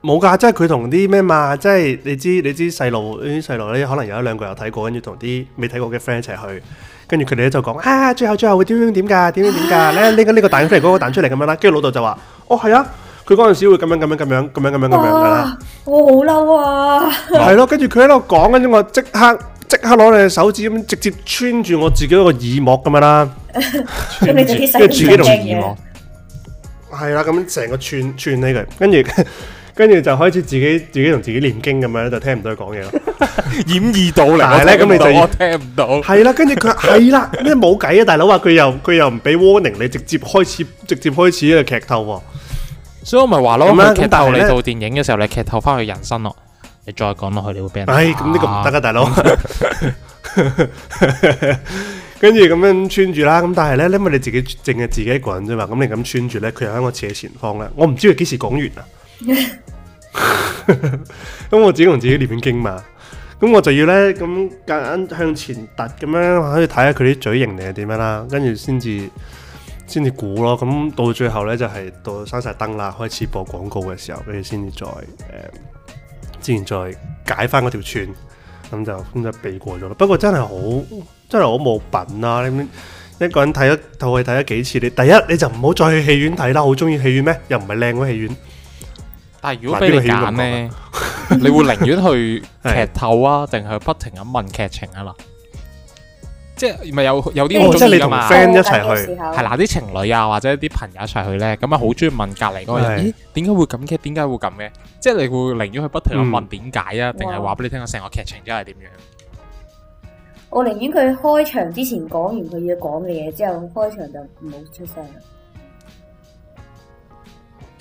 Speaker 3: 冇噶，即係佢同啲咩嘛，即係你知你知細路啲細路咧，你可能有一兩個有睇過，跟住同啲未睇過嘅 friend 一齊去，跟住佢哋咧就講啊，最後最後會點點點噶，點點點噶，咧拎緊呢個蛋飛嚟，嗰個蛋出嚟咁樣啦。跟、那、住、個、老豆就話，哦係啊，佢嗰陣時會咁樣咁樣咁樣咁樣咁樣咁樣噶啦。
Speaker 1: 我好嬲啊！係
Speaker 3: 咯、啊，跟住佢喺度講，跟住我即刻即刻攞你隻手指咁直接穿住我自己嗰個耳膜咁樣啦。跟住 自己同耳膜。係啦，咁、啊、樣成個串串起佢。跟住。跟住就開始自己自己同自己念經咁樣，就聽唔到佢講嘢咯， 掩耳盜道嚟。 但係咧咁你就我聽唔到係啦。跟住佢係啦，咩冇計啊？大佬啊，佢又佢又唔俾 warning，你直接開始直接開始嘅劇透喎。所以我咪話咯，拍、嗯、劇透你做
Speaker 4: 電影嘅時候、嗯，你劇透翻去人生咯，你再講落去，你會俾人打。唉、哎，咁呢個唔得啊，大佬。
Speaker 3: 跟住咁樣穿住啦。咁但係咧，因為你自己淨係自己一個人啫嘛，咁你咁穿住咧，佢又喺我斜前方咧，我唔知佢幾時講完啊。咁 我自己同自己念經嘛，咁我就要咧咁夾硬向前突咁樣，可以睇下佢啲嘴型定係點樣啦，跟住先至先至估咯。咁到最後咧就係、是、到閂晒燈啦，開始播廣告嘅時候，跟住先至再誒、呃，之前再解翻嗰條串，咁就咁就避過咗啦。不過真係好真係好冇品啦、啊！你一個人睇一套戲睇咗幾次？你第一你就唔好再去戲院睇啦，好中意戲院咩？又唔係靚嘅戲院。但
Speaker 4: 係如果俾你揀咧， 你會寧願去劇透啊，定係不停咁問劇情啊？啦， 即係咪有有啲好、哦、即係你同 friend 一齊去，係嗱啲情侶啊或者啲朋友一齊去咧，咁啊好中意問隔籬嗰人，咦點解會咁嘅？點解會咁嘅？即係你會寧願去不停咁問點解啊，定係話俾你聽成個劇情真係
Speaker 3: 點樣？
Speaker 1: 我寧願佢開場之前講完佢要講嘅嘢之後，開場就唔好出聲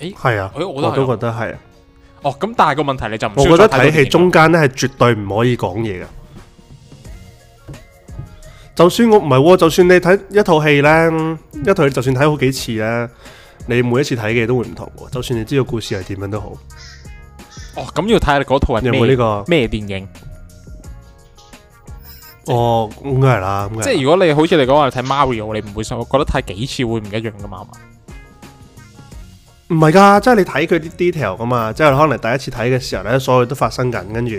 Speaker 3: 誒、欸，係啊、欸、啊，我都覺得係啊。
Speaker 4: 哦，咁但係個問題你就唔，我覺得睇戲中間
Speaker 3: 咧，係絕對唔可以講嘢噶。就算我唔係喎，就算你睇一套戲咧，一套戲就算睇好幾次咧，你每一次睇嘅都會唔同。就算你知道故事係點樣都好。
Speaker 4: 哦，咁要睇下嗰套人有冇呢、這個咩電影？
Speaker 3: 哦，應該係啦，啦，即係如
Speaker 4: 果你好似嚟講話睇 Mario，你唔會
Speaker 3: 想，我覺得睇幾次會唔一樣噶嘛。唔係㗎，即係你睇佢啲 detail 㗎嘛，即係可能第一次睇嘅時候咧，所有都發生緊，跟住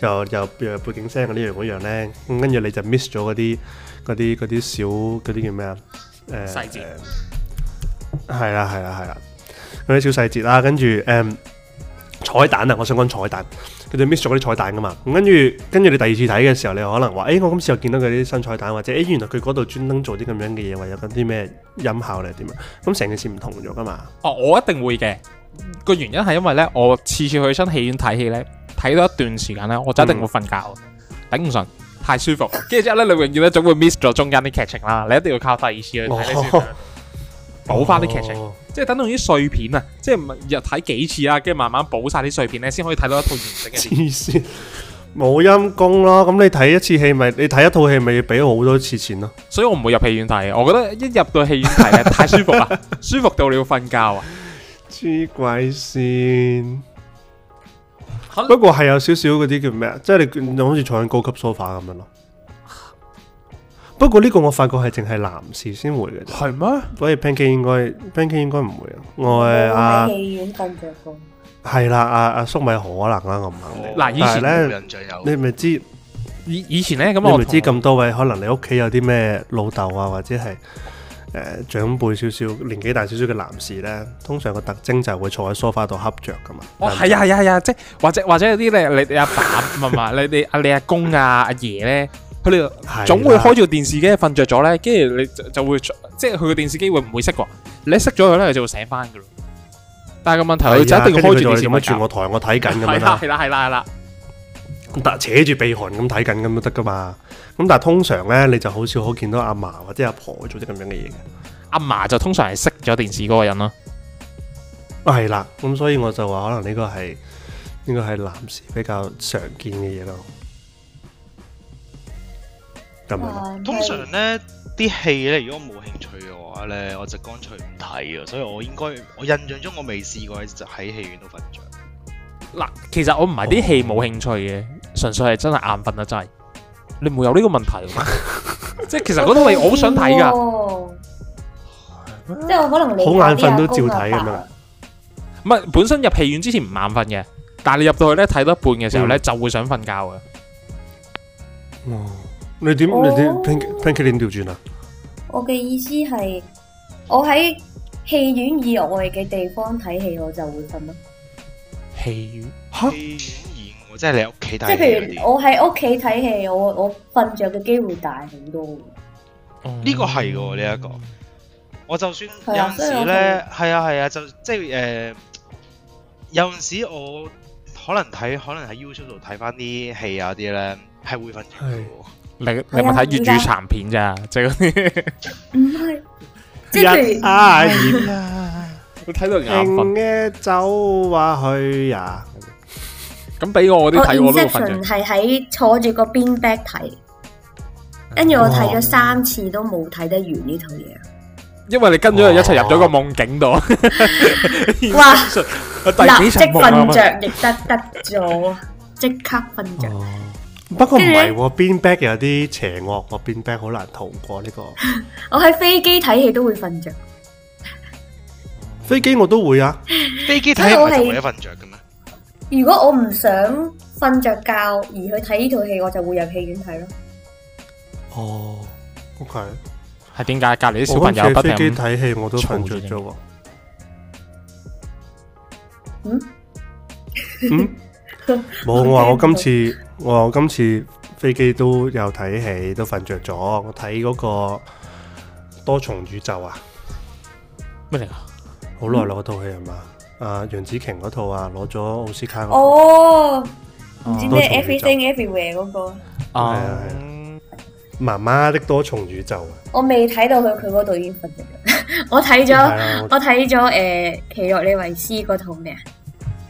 Speaker 3: 又又又有背景聲嗰啲樣嗰樣咧，咁、嗯、跟住你就 miss 咗嗰啲嗰啲嗰啲小嗰啲叫咩啊？誒、呃，細節，係啦係啦係啦，嗰啲小細節啦、啊，跟住誒。嗯彩蛋啊！我想講彩蛋，佢哋 miss 咗啲彩蛋噶嘛？跟住，跟住你第二次睇嘅時候，你可能話，哎，我今次又見到佢啲新彩蛋，或者，哎，原來佢嗰度專登做啲咁樣嘅嘢，或者有緊啲咩音效嚟點啊？咁成件事唔同咗噶嘛？
Speaker 4: 哦，我一定會嘅。個原因係因為咧，我次次去新戲院睇戲咧，睇到一段時間咧，我就一定會瞓覺。頂唔順，太舒服。跟 住之後咧，你永遠咧總會 miss 咗中間啲劇情啦。你一定要靠第二次去
Speaker 3: 補翻啲劇情。哦
Speaker 4: 即係等同於碎片是啊！即係日睇幾次啦，跟住慢慢補晒啲碎片咧，先可以睇到一套完整嘅。黐
Speaker 3: 線，冇陰功咯！咁你睇一次戲咪你睇一套戲咪要俾好多次錢咯。
Speaker 4: 所以我唔會入戲院睇，我覺得一入到戲院睇啊， 太舒服啦，舒服到你要瞓覺啊！
Speaker 3: 黐鬼線，不過係有少少嗰啲叫咩啊？即係你好似坐緊高級梳化咁樣咯。不過呢個我發覺係淨係男士先會嘅，係咩？所以 Pancake 應該 Pancake 應該唔會啊，啊，啊，啊，啊！我阿，喺戲院係啦，阿阿叔咪可能啦，我唔肯定。嗱、哦，以前咧，你咪知以以前咧，咁我咪知咁多位可能你屋企有啲咩老豆啊，或者係誒、呃、長輩少少、年紀大少少嘅男士咧，通常個特徵就係會坐喺梳化度恰着噶嘛。哦，係、哦、啊，係啊，係啊，即係或者或者有啲咧，你你阿爸唔係你你阿 你，你，你，你阿
Speaker 4: 公啊阿爺咧。佢哋總會開住個電視機瞓着咗咧，跟住你就會即係佢個電視機會唔會熄喎？你熄咗佢咧，你就會醒翻。噶啦。但係個問題，佢就一定要開住電視，乜住我台我睇緊咁樣啦。係
Speaker 3: 啦係啦係啦，但扯住鼻鼾咁睇緊咁都得噶嘛。咁但係通常咧，你就好少好見到阿嫲、或者阿婆做啲咁樣嘅嘢嘅。
Speaker 4: 阿嫲就通常係熄咗電視嗰個人咯。
Speaker 3: 係、啊、啦，咁所以我就話可能呢個係呢、呢個係男士比較常見嘅嘢咯。
Speaker 2: 通常咧啲戲咧，如果冇興趣嘅話咧，我就乾脆唔睇啊。所以我應該我印象中我未試過喺戲院度瞓着。嗱，
Speaker 4: 其實我唔係啲戲冇興趣嘅，純粹係真係眼瞓啊！真係，你冇有呢個問題？即係其實嗰套戲我好想睇噶，即係
Speaker 1: 我可能你好眼瞓都照睇咁樣。
Speaker 4: 唔係本身入戲院之前唔眼瞓嘅，但係你入到去咧睇到一半嘅時候咧，就會想瞓覺啊。哦。
Speaker 3: 你點、oh, 你點點調轉啊？
Speaker 1: 我嘅意思係，我喺戲院以外嘅地方睇戲，我就會瞓咯。
Speaker 2: 戲院吓？我即係你屋企睇，即譬如我
Speaker 1: 喺屋企睇戲，我我瞓着嘅機會大好多。呢、oh, 嗯
Speaker 2: 這個係嘅呢一個，我就算有陣時咧，係啊係啊，啊，啊，啊，就即係誒、呃，有陣時我可能睇，可能喺 YouTube 度睇翻啲戲啊啲咧，係會瞓着嘅你
Speaker 4: 你有冇睇粵語殘
Speaker 2: 片咋？即嗰啲，
Speaker 3: 唔係，阿阿演啊，我睇到眼瞓嘅，走啊去呀！咁俾我嗰啲睇，我都要瞓。
Speaker 1: 係喺坐住個 beanbag 睇，跟住我睇咗三次都冇睇得完呢套嘢。
Speaker 4: 因為你跟咗佢一齊入咗個夢境度。哇！
Speaker 1: 即瞓著亦得得咗，即刻瞓著。
Speaker 3: 不過唔係喎，bean、嗯、back 有啲邪惡，bean back 好難逃過呢個 。
Speaker 1: 我喺飛機睇戲都會瞓着，
Speaker 3: 飛機我都會啊，
Speaker 1: 飛機睇戲我係同樣
Speaker 3: 瞓着噶咩？
Speaker 1: 如果我唔想瞓着覺而去睇呢套戲，我就會入戲院睇咯，
Speaker 4: 啊。哦，係、okay，係點解？隔籬啲小朋友飛機睇戲，我都瞓着咗。嗯？
Speaker 3: 嗯？
Speaker 1: 冇我話！我今次
Speaker 3: 我話我今次飛機都有睇戲，都瞓着咗。我睇嗰個多重宇宙啊，咩嚟噶？好耐攞套戲係嘛？嗯呃、子啊，楊紫瓊嗰套啊，攞咗奧斯卡哦。哦，唔
Speaker 1: 知咩 Everything
Speaker 3: Everywhere 嗰，那個啊、嗯嗯？媽媽的多重宇宙
Speaker 1: 啊！我未睇到佢佢嗰度要瞓，已經着 我睇咗、啊、我睇咗誒，奇洛李維斯嗰套咩啊？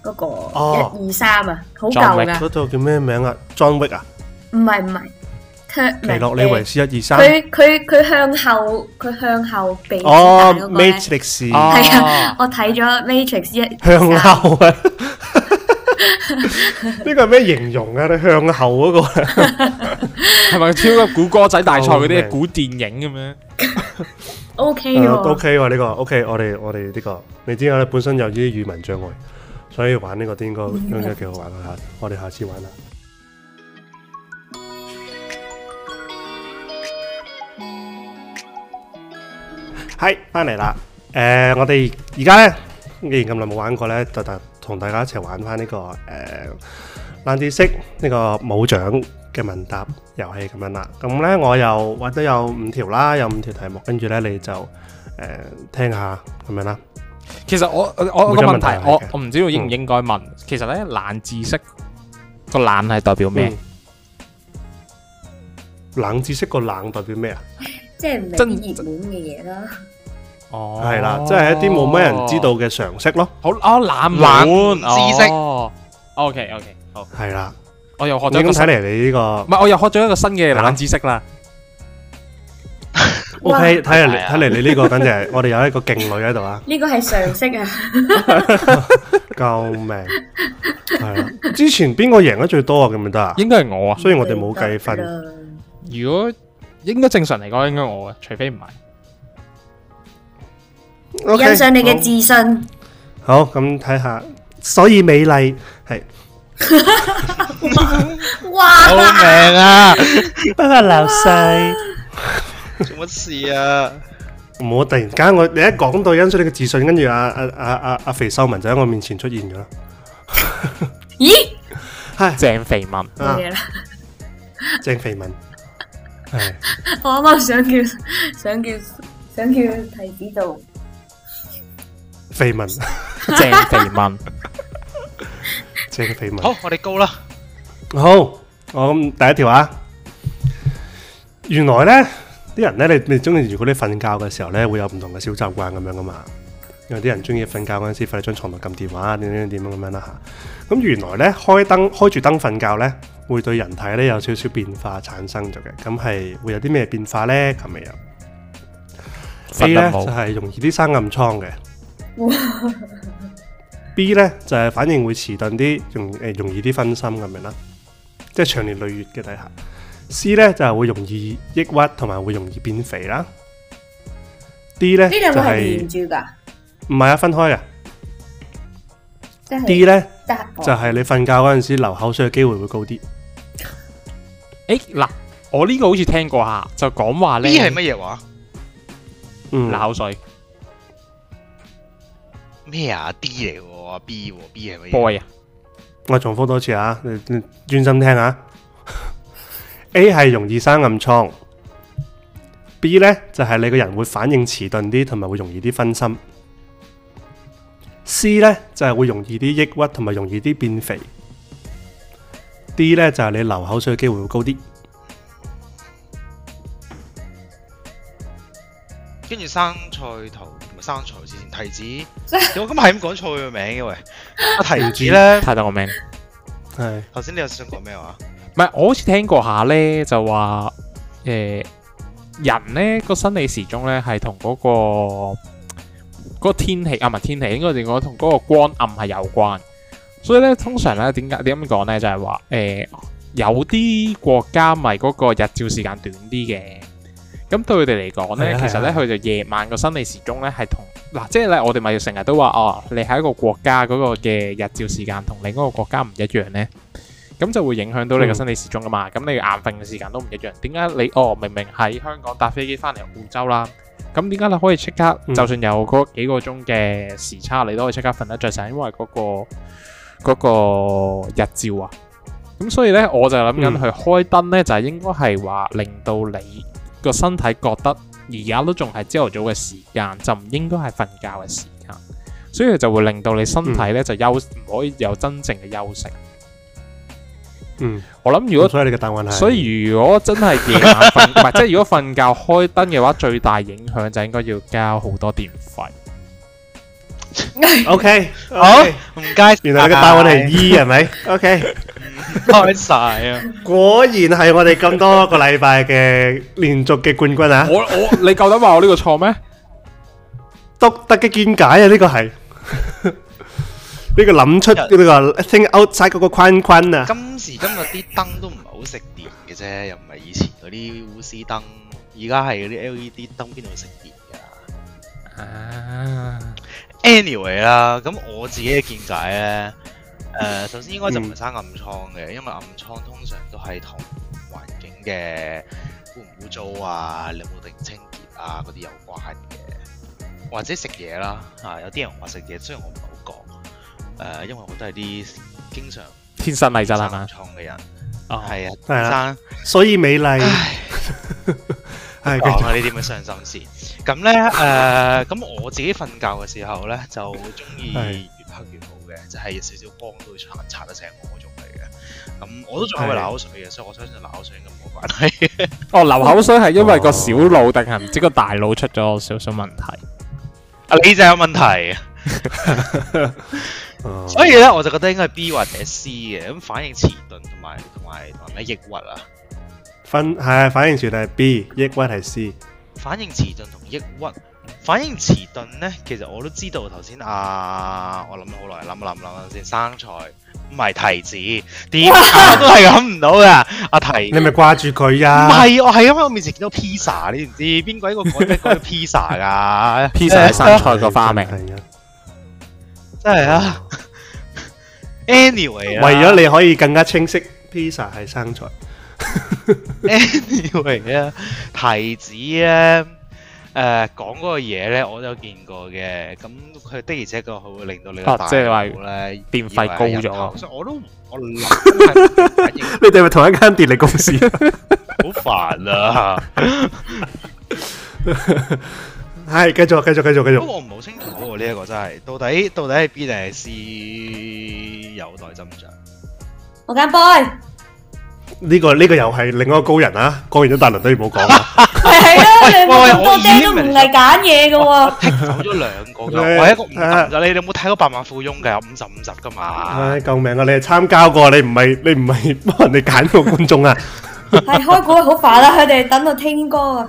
Speaker 1: 嗰個一二三啊，好舊噶。John Wick
Speaker 3: 嗰套叫咩名啊？John Wick 啊？唔
Speaker 1: 係唔係，奇洛李維斯一二三。佢佢佢向後，佢向後避。哦，Matrix 係啊，我睇咗 Matrix 一。
Speaker 3: 向後啊？呢個係咩形容啊？你向後嗰個係咪超級古歌仔大賽嗰啲古
Speaker 4: 電影
Speaker 1: 噉樣？O
Speaker 3: K 喎，O K 喎，呢個 O K，我哋我哋呢個，你知我哋，本身有呢啲語文障礙。所以玩呢個都應該應該幾好玩啊下，我哋下次玩啦。係翻嚟啦，誒，我哋而家咧，既然咁耐冇玩過咧，就同大家一齊玩翻呢個誒冷知識呢個武將嘅問答遊戲咁樣啦。咁咧我又搵到有五條啦，有五條題目，跟住咧你就誒聽下咁樣啦。其實我我個問題我我唔知
Speaker 4: 應唔應該問，其實咧冷知識
Speaker 3: 個冷係代表咩？冷知識個冷代表咩啊？
Speaker 1: 即係冷熱門嘅嘢咯。
Speaker 3: 哦，係啦，即係一啲冇咩人知道嘅常識咯。好，哦冷門知識。
Speaker 4: OK OK，好係啦。我又學咗。咁睇嚟？你
Speaker 3: 呢個唔係，我又學咗一個新嘅冷知識啦。O K，睇嚟睇嚟，你呢個簡直係我哋有一個勁女喺度啊！呢個係常識啊！救命！係啦，之前邊個贏得最多啊？咁咪得啊？應該係我啊！所以我哋冇計分，如果應該正常嚟講，應該我啊，除非唔係。
Speaker 1: 我欣賞你嘅自信。
Speaker 3: 好，咁睇下，所以美麗係。哇！救命啊！拜拜，老細。做乜事啊？唔好突然間我你一講到欣賞你嘅自信，跟住阿阿阿阿阿肥秀文就喺我面前出現咗。
Speaker 1: 咦？
Speaker 3: 係鄭肥文乜嘢啦？鄭肥文，
Speaker 1: 我啱啱想叫想叫想叫提子度
Speaker 3: 肥文鄭肥文鄭肥文好，我哋高啦。好，我咁第一條啊，原來咧。啲人咧，你你中意？如果你瞓覺嘅時候咧，會有唔同嘅小習慣咁樣噶嘛？有啲人中意瞓覺嗰陣時候，瞓喺張床度撳電話，點點點點咁樣啦吓。咁、嗯、原來咧，開燈開住燈瞓覺咧，會對人體咧有少少變化產生咗嘅。咁係會有啲咩變化咧？咁嘅樣？A 咧就係、是、容易啲生暗瘡嘅。 B 咧就係、是、反應會遲鈍啲，容誒容易啲分心咁樣啦。即係長年累月嘅底下。C 咧就係、是、會容易抑鬱同埋會容易變肥啦。D 咧呢兩個係連住噶？唔係啊，分開噶。
Speaker 4: D 咧
Speaker 3: 就係、是、你瞓覺嗰陣時、哦、流口水嘅機會會高啲。誒嗱，我
Speaker 4: 呢個好似聽過下，就講話呢啲係乜嘢話？
Speaker 3: 流、嗯、口水咩啊？D
Speaker 4: 嚟喎，B 和
Speaker 3: B 係乜嘢？Boy 啊？我重複多次啊，你,你專心聽下、啊。A 係容易生暗瘡，B 呢就係你個人會反應遲鈍啲，同埋會容易啲分心。C 呢就係會容易啲抑鬱，同埋容易啲變肥。D 呢就係你流口水嘅機會會高啲。
Speaker 2: 跟住生菜頭同埋生菜之前提子， 我今日係咁講菜嘅名嘅喂， 提子呢？
Speaker 4: 猜到我名。係。
Speaker 2: 頭先你有想講咩話？
Speaker 4: 唔係，我好似聽過下咧，就話誒人咧個生理時鐘咧係同嗰個嗰個天氣啊，唔係天氣，應該嚟講同嗰個光暗係有關。所以咧，通常咧點解點樣講咧，就係話誒有啲國家咪嗰個日照時間短啲嘅。咁對佢哋嚟講咧，其實咧佢就夜晚個生理時鐘咧係同嗱，即係咧我哋咪要成日都話哦，你喺一個國家嗰個嘅日照時間同另一個國家唔一樣咧。咁就會影響到你個身體時鐘噶嘛，咁、嗯、你眼瞓嘅時間都唔一樣。點解你哦，明明喺香港搭飛機翻嚟澳洲啦，咁點解你可以即刻、嗯、就算有嗰幾個鐘嘅時，時差，你都可以即刻瞓得着？就因為嗰、嗰個、嗰個日照啊。咁所以呢，我就諗緊、嗯、去開燈呢，就係應該係話令到你個身體覺得而家都仲係朝頭早嘅時間，就唔應該係瞓覺嘅時間，所以就會令到你身體呢，就休唔可以有真正嘅休息。嗯，我諗如果所以你嘅答案係，所以如果真係夜晚瞓，唔係即 係如果瞓覺開燈嘅話， 最大影響就應該要交好多電費。
Speaker 3: O K，好，唔該。原來你嘅答案係 E，係咪？O K，開晒啊！是 right? Okay. 果然係我哋咁多個禮拜嘅連續嘅冠軍啊！ 我我你夠膽話我呢個錯咩？獨特嘅見解啊！呢、這個係。 呢、這個諗出呢、這個 think out 晒嗰個框框啊！今
Speaker 2: 時今日啲燈都唔係好食電嘅啫， 又唔係以前嗰啲鎢絲燈，而家係嗰啲 L E D 燈，邊度會食電噶？Anyway 啦，咁我自己嘅見解咧，誒、呃，首先應該就唔係生暗瘡嘅、嗯，因為暗瘡通常都係同環境嘅污唔污糟啊，你冇定清潔啊，嗰啲有關嘅，或者食嘢啦，啊，有啲人話食嘢，雖然我誒，因為我都係啲經常
Speaker 3: 天生麗質啊嘛，
Speaker 2: 創嘅人，係啊，
Speaker 3: 天生，所以美麗，講下呢啲咁嘅傷心事。咁咧，
Speaker 2: 誒，咁我自己瞓覺嘅時候咧，就中意越黑越好嘅，就係有少少光都會擦擦得醒嗰種嚟嘅。咁我都仲係會流口水嘅，所以我相信流口水咁冇關係。哦，流口水係因為
Speaker 4: 個小腦定係唔知個大腦出咗少
Speaker 2: 少問題？啊，你就有問題。Oh. 所以咧，我就覺得應該係 B 或者 C 嘅咁、啊，反應遲鈍同埋同埋同埋抑鬱啊。
Speaker 3: 分係反應遲鈍係 B，抑鬱係 C。
Speaker 2: 反應遲鈍同抑鬱，反應遲鈍咧，其實我都知道。頭先啊，我諗咗好耐，諗諗諗諗先。生菜唔係提子，點、啊、都係諗唔到噶。阿、 啊、提，你咪
Speaker 3: 掛住佢啊？唔係，
Speaker 2: 我係因為我面前見到披薩，你唔知邊鬼個改名改咗披薩噶？ 披薩係生菜
Speaker 3: 個花名。 真係啊，Anyway，為咗你可以更加清晰，披薩係生菜。
Speaker 2: Anyway 啊，提子咧，誒，講嗰個嘢咧，我都有見過嘅。咁佢的而且確，佢會令到你個大即係話咧電費高咗。其實我
Speaker 3: 都我諗，你哋係咪同一間電力公司？
Speaker 2: 好煩啊！
Speaker 3: 係，繼續，繼續，繼續，繼續。不過我唔好清楚喎，呢一個真係
Speaker 2: 到底到底係 B 定係 C，有待斟酌。
Speaker 3: 我揀 boy 呢個呢個又係另一個高人啊！講完咗，大輪都要冇講。係咯，你我我聽都唔係揀嘢嘅喎，係揀咗兩個噶，我係一個唔
Speaker 2: 得噶。你你有冇睇過《百萬富翁》噶？有五十五集
Speaker 3: 噶嘛？唉，救命啊！你係參加過，你唔係你唔係幫人哋揀個觀眾啊？
Speaker 1: 係開股好煩啦，佢哋等到聽歌啊！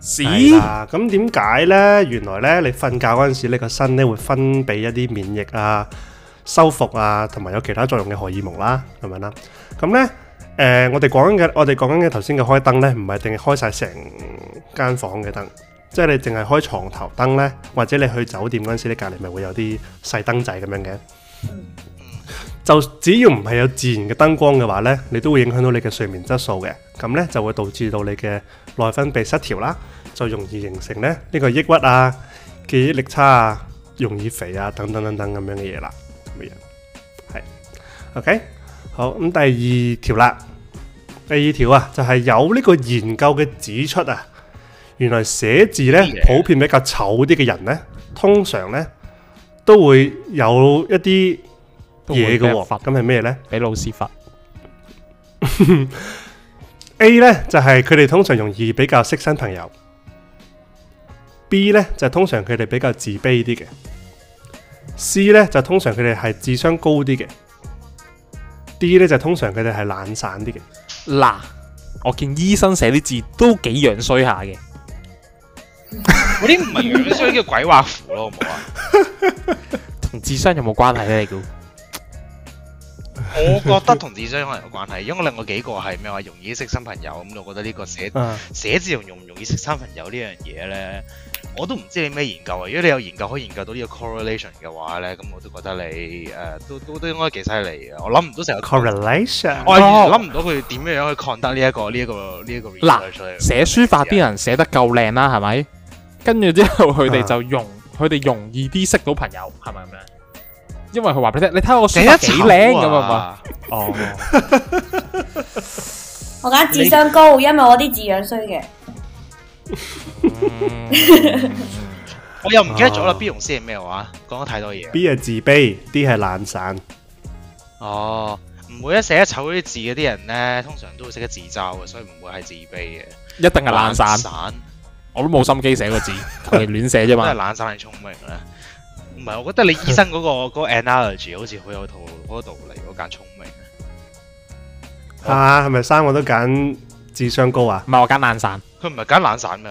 Speaker 3: 咁點解呢？原來呢，你瞓覺嗰陣時，你個身呢會分泌一啲免疫啊、修復啊，同埋有其他作用嘅荷爾蒙啦、啊，咁樣啦？咁呢，誒、呃，我哋講嘅，我哋講緊嘅頭先嘅開燈呢，唔係定係開晒,成間房嘅燈，即係你淨係開床頭燈呢，或者你去酒店嗰陣時，你隔籬咪會有啲細燈仔咁樣嘅。嗯就只要唔係有自然嘅燈光嘅話呢，你都會影響到你嘅睡眠質素嘅，咁呢就會導致到你嘅內分泌失調啦，就容易形成呢呢個抑鬱啊、記憶力差啊、容易肥啊等等等等咁樣嘅嘢啦。係 OK 好咁、嗯、第二條啦，第二條啊就係、是、有呢個研究嘅指出啊，原來寫字呢，yeah. 普遍比較醜啲嘅人呢，通常呢都會有一啲。嘢嘅法，咁係咩呢？俾老師罰 A 呢，就係佢哋通常容易比較識新朋友，B 呢，就係、通常佢哋比較自卑啲嘅，C 呢，就通常佢哋係智商高啲嘅，D 呢，就通常佢哋係懶散啲嘅。嗱，我見醫生寫啲字都幾樣衰下嘅，
Speaker 2: 嗰啲唔係樣衰叫鬼畫符咯，好唔好啊？
Speaker 4: 同 智商有冇關係呢？你估？
Speaker 2: 我覺得同智商可能有關係，因為另外幾個係咩話，容易識新朋友，咁我覺得呢個寫、uh. 寫字容容唔容易識新朋友這件事呢樣嘢咧，我都唔知你咩研究啊。如果你有研究可以研究到呢個 correlation 嘅話咧，咁我都覺得你誒、呃、都都都應該幾犀利啊！我諗唔到成個
Speaker 3: correlation，我諗唔
Speaker 2: 到佢點樣可以擴得呢一個呢一、呢個呢一、呢個 result 出嚟。寫
Speaker 4: 書法啲人寫得夠靚啦、啊，係咪？跟住之後佢哋就容佢哋、uh. 容易啲識到朋友，係咪咁樣？因為佢話俾你聽，你睇我寫得幾靚
Speaker 2: 咁
Speaker 3: 啊嘛！哦，
Speaker 1: 我揀智商高，因為我啲字樣衰嘅。
Speaker 3: 我
Speaker 2: 又唔記得咗啦，B 容 C 係咩話？講咗太多嘢。B
Speaker 3: 係自卑，D 係懶散。
Speaker 2: 哦，唔會一寫得醜嗰啲字嗰啲人咧，通常都會識得自嘲嘅，所以唔會係自卑嘅。一定係懶散，
Speaker 4: 我都冇心機寫個字，求其亂寫啫嘛。真係
Speaker 2: 懶散，係聰明咧。唔係，我覺得你醫生嗰、那個嗰 個 analogy 好似好有套嗰個道理。我揀聰明、
Speaker 3: oh. 啊，係咪三個都揀智商高啊？唔
Speaker 4: 係我揀懶散，佢唔係揀懶散啊，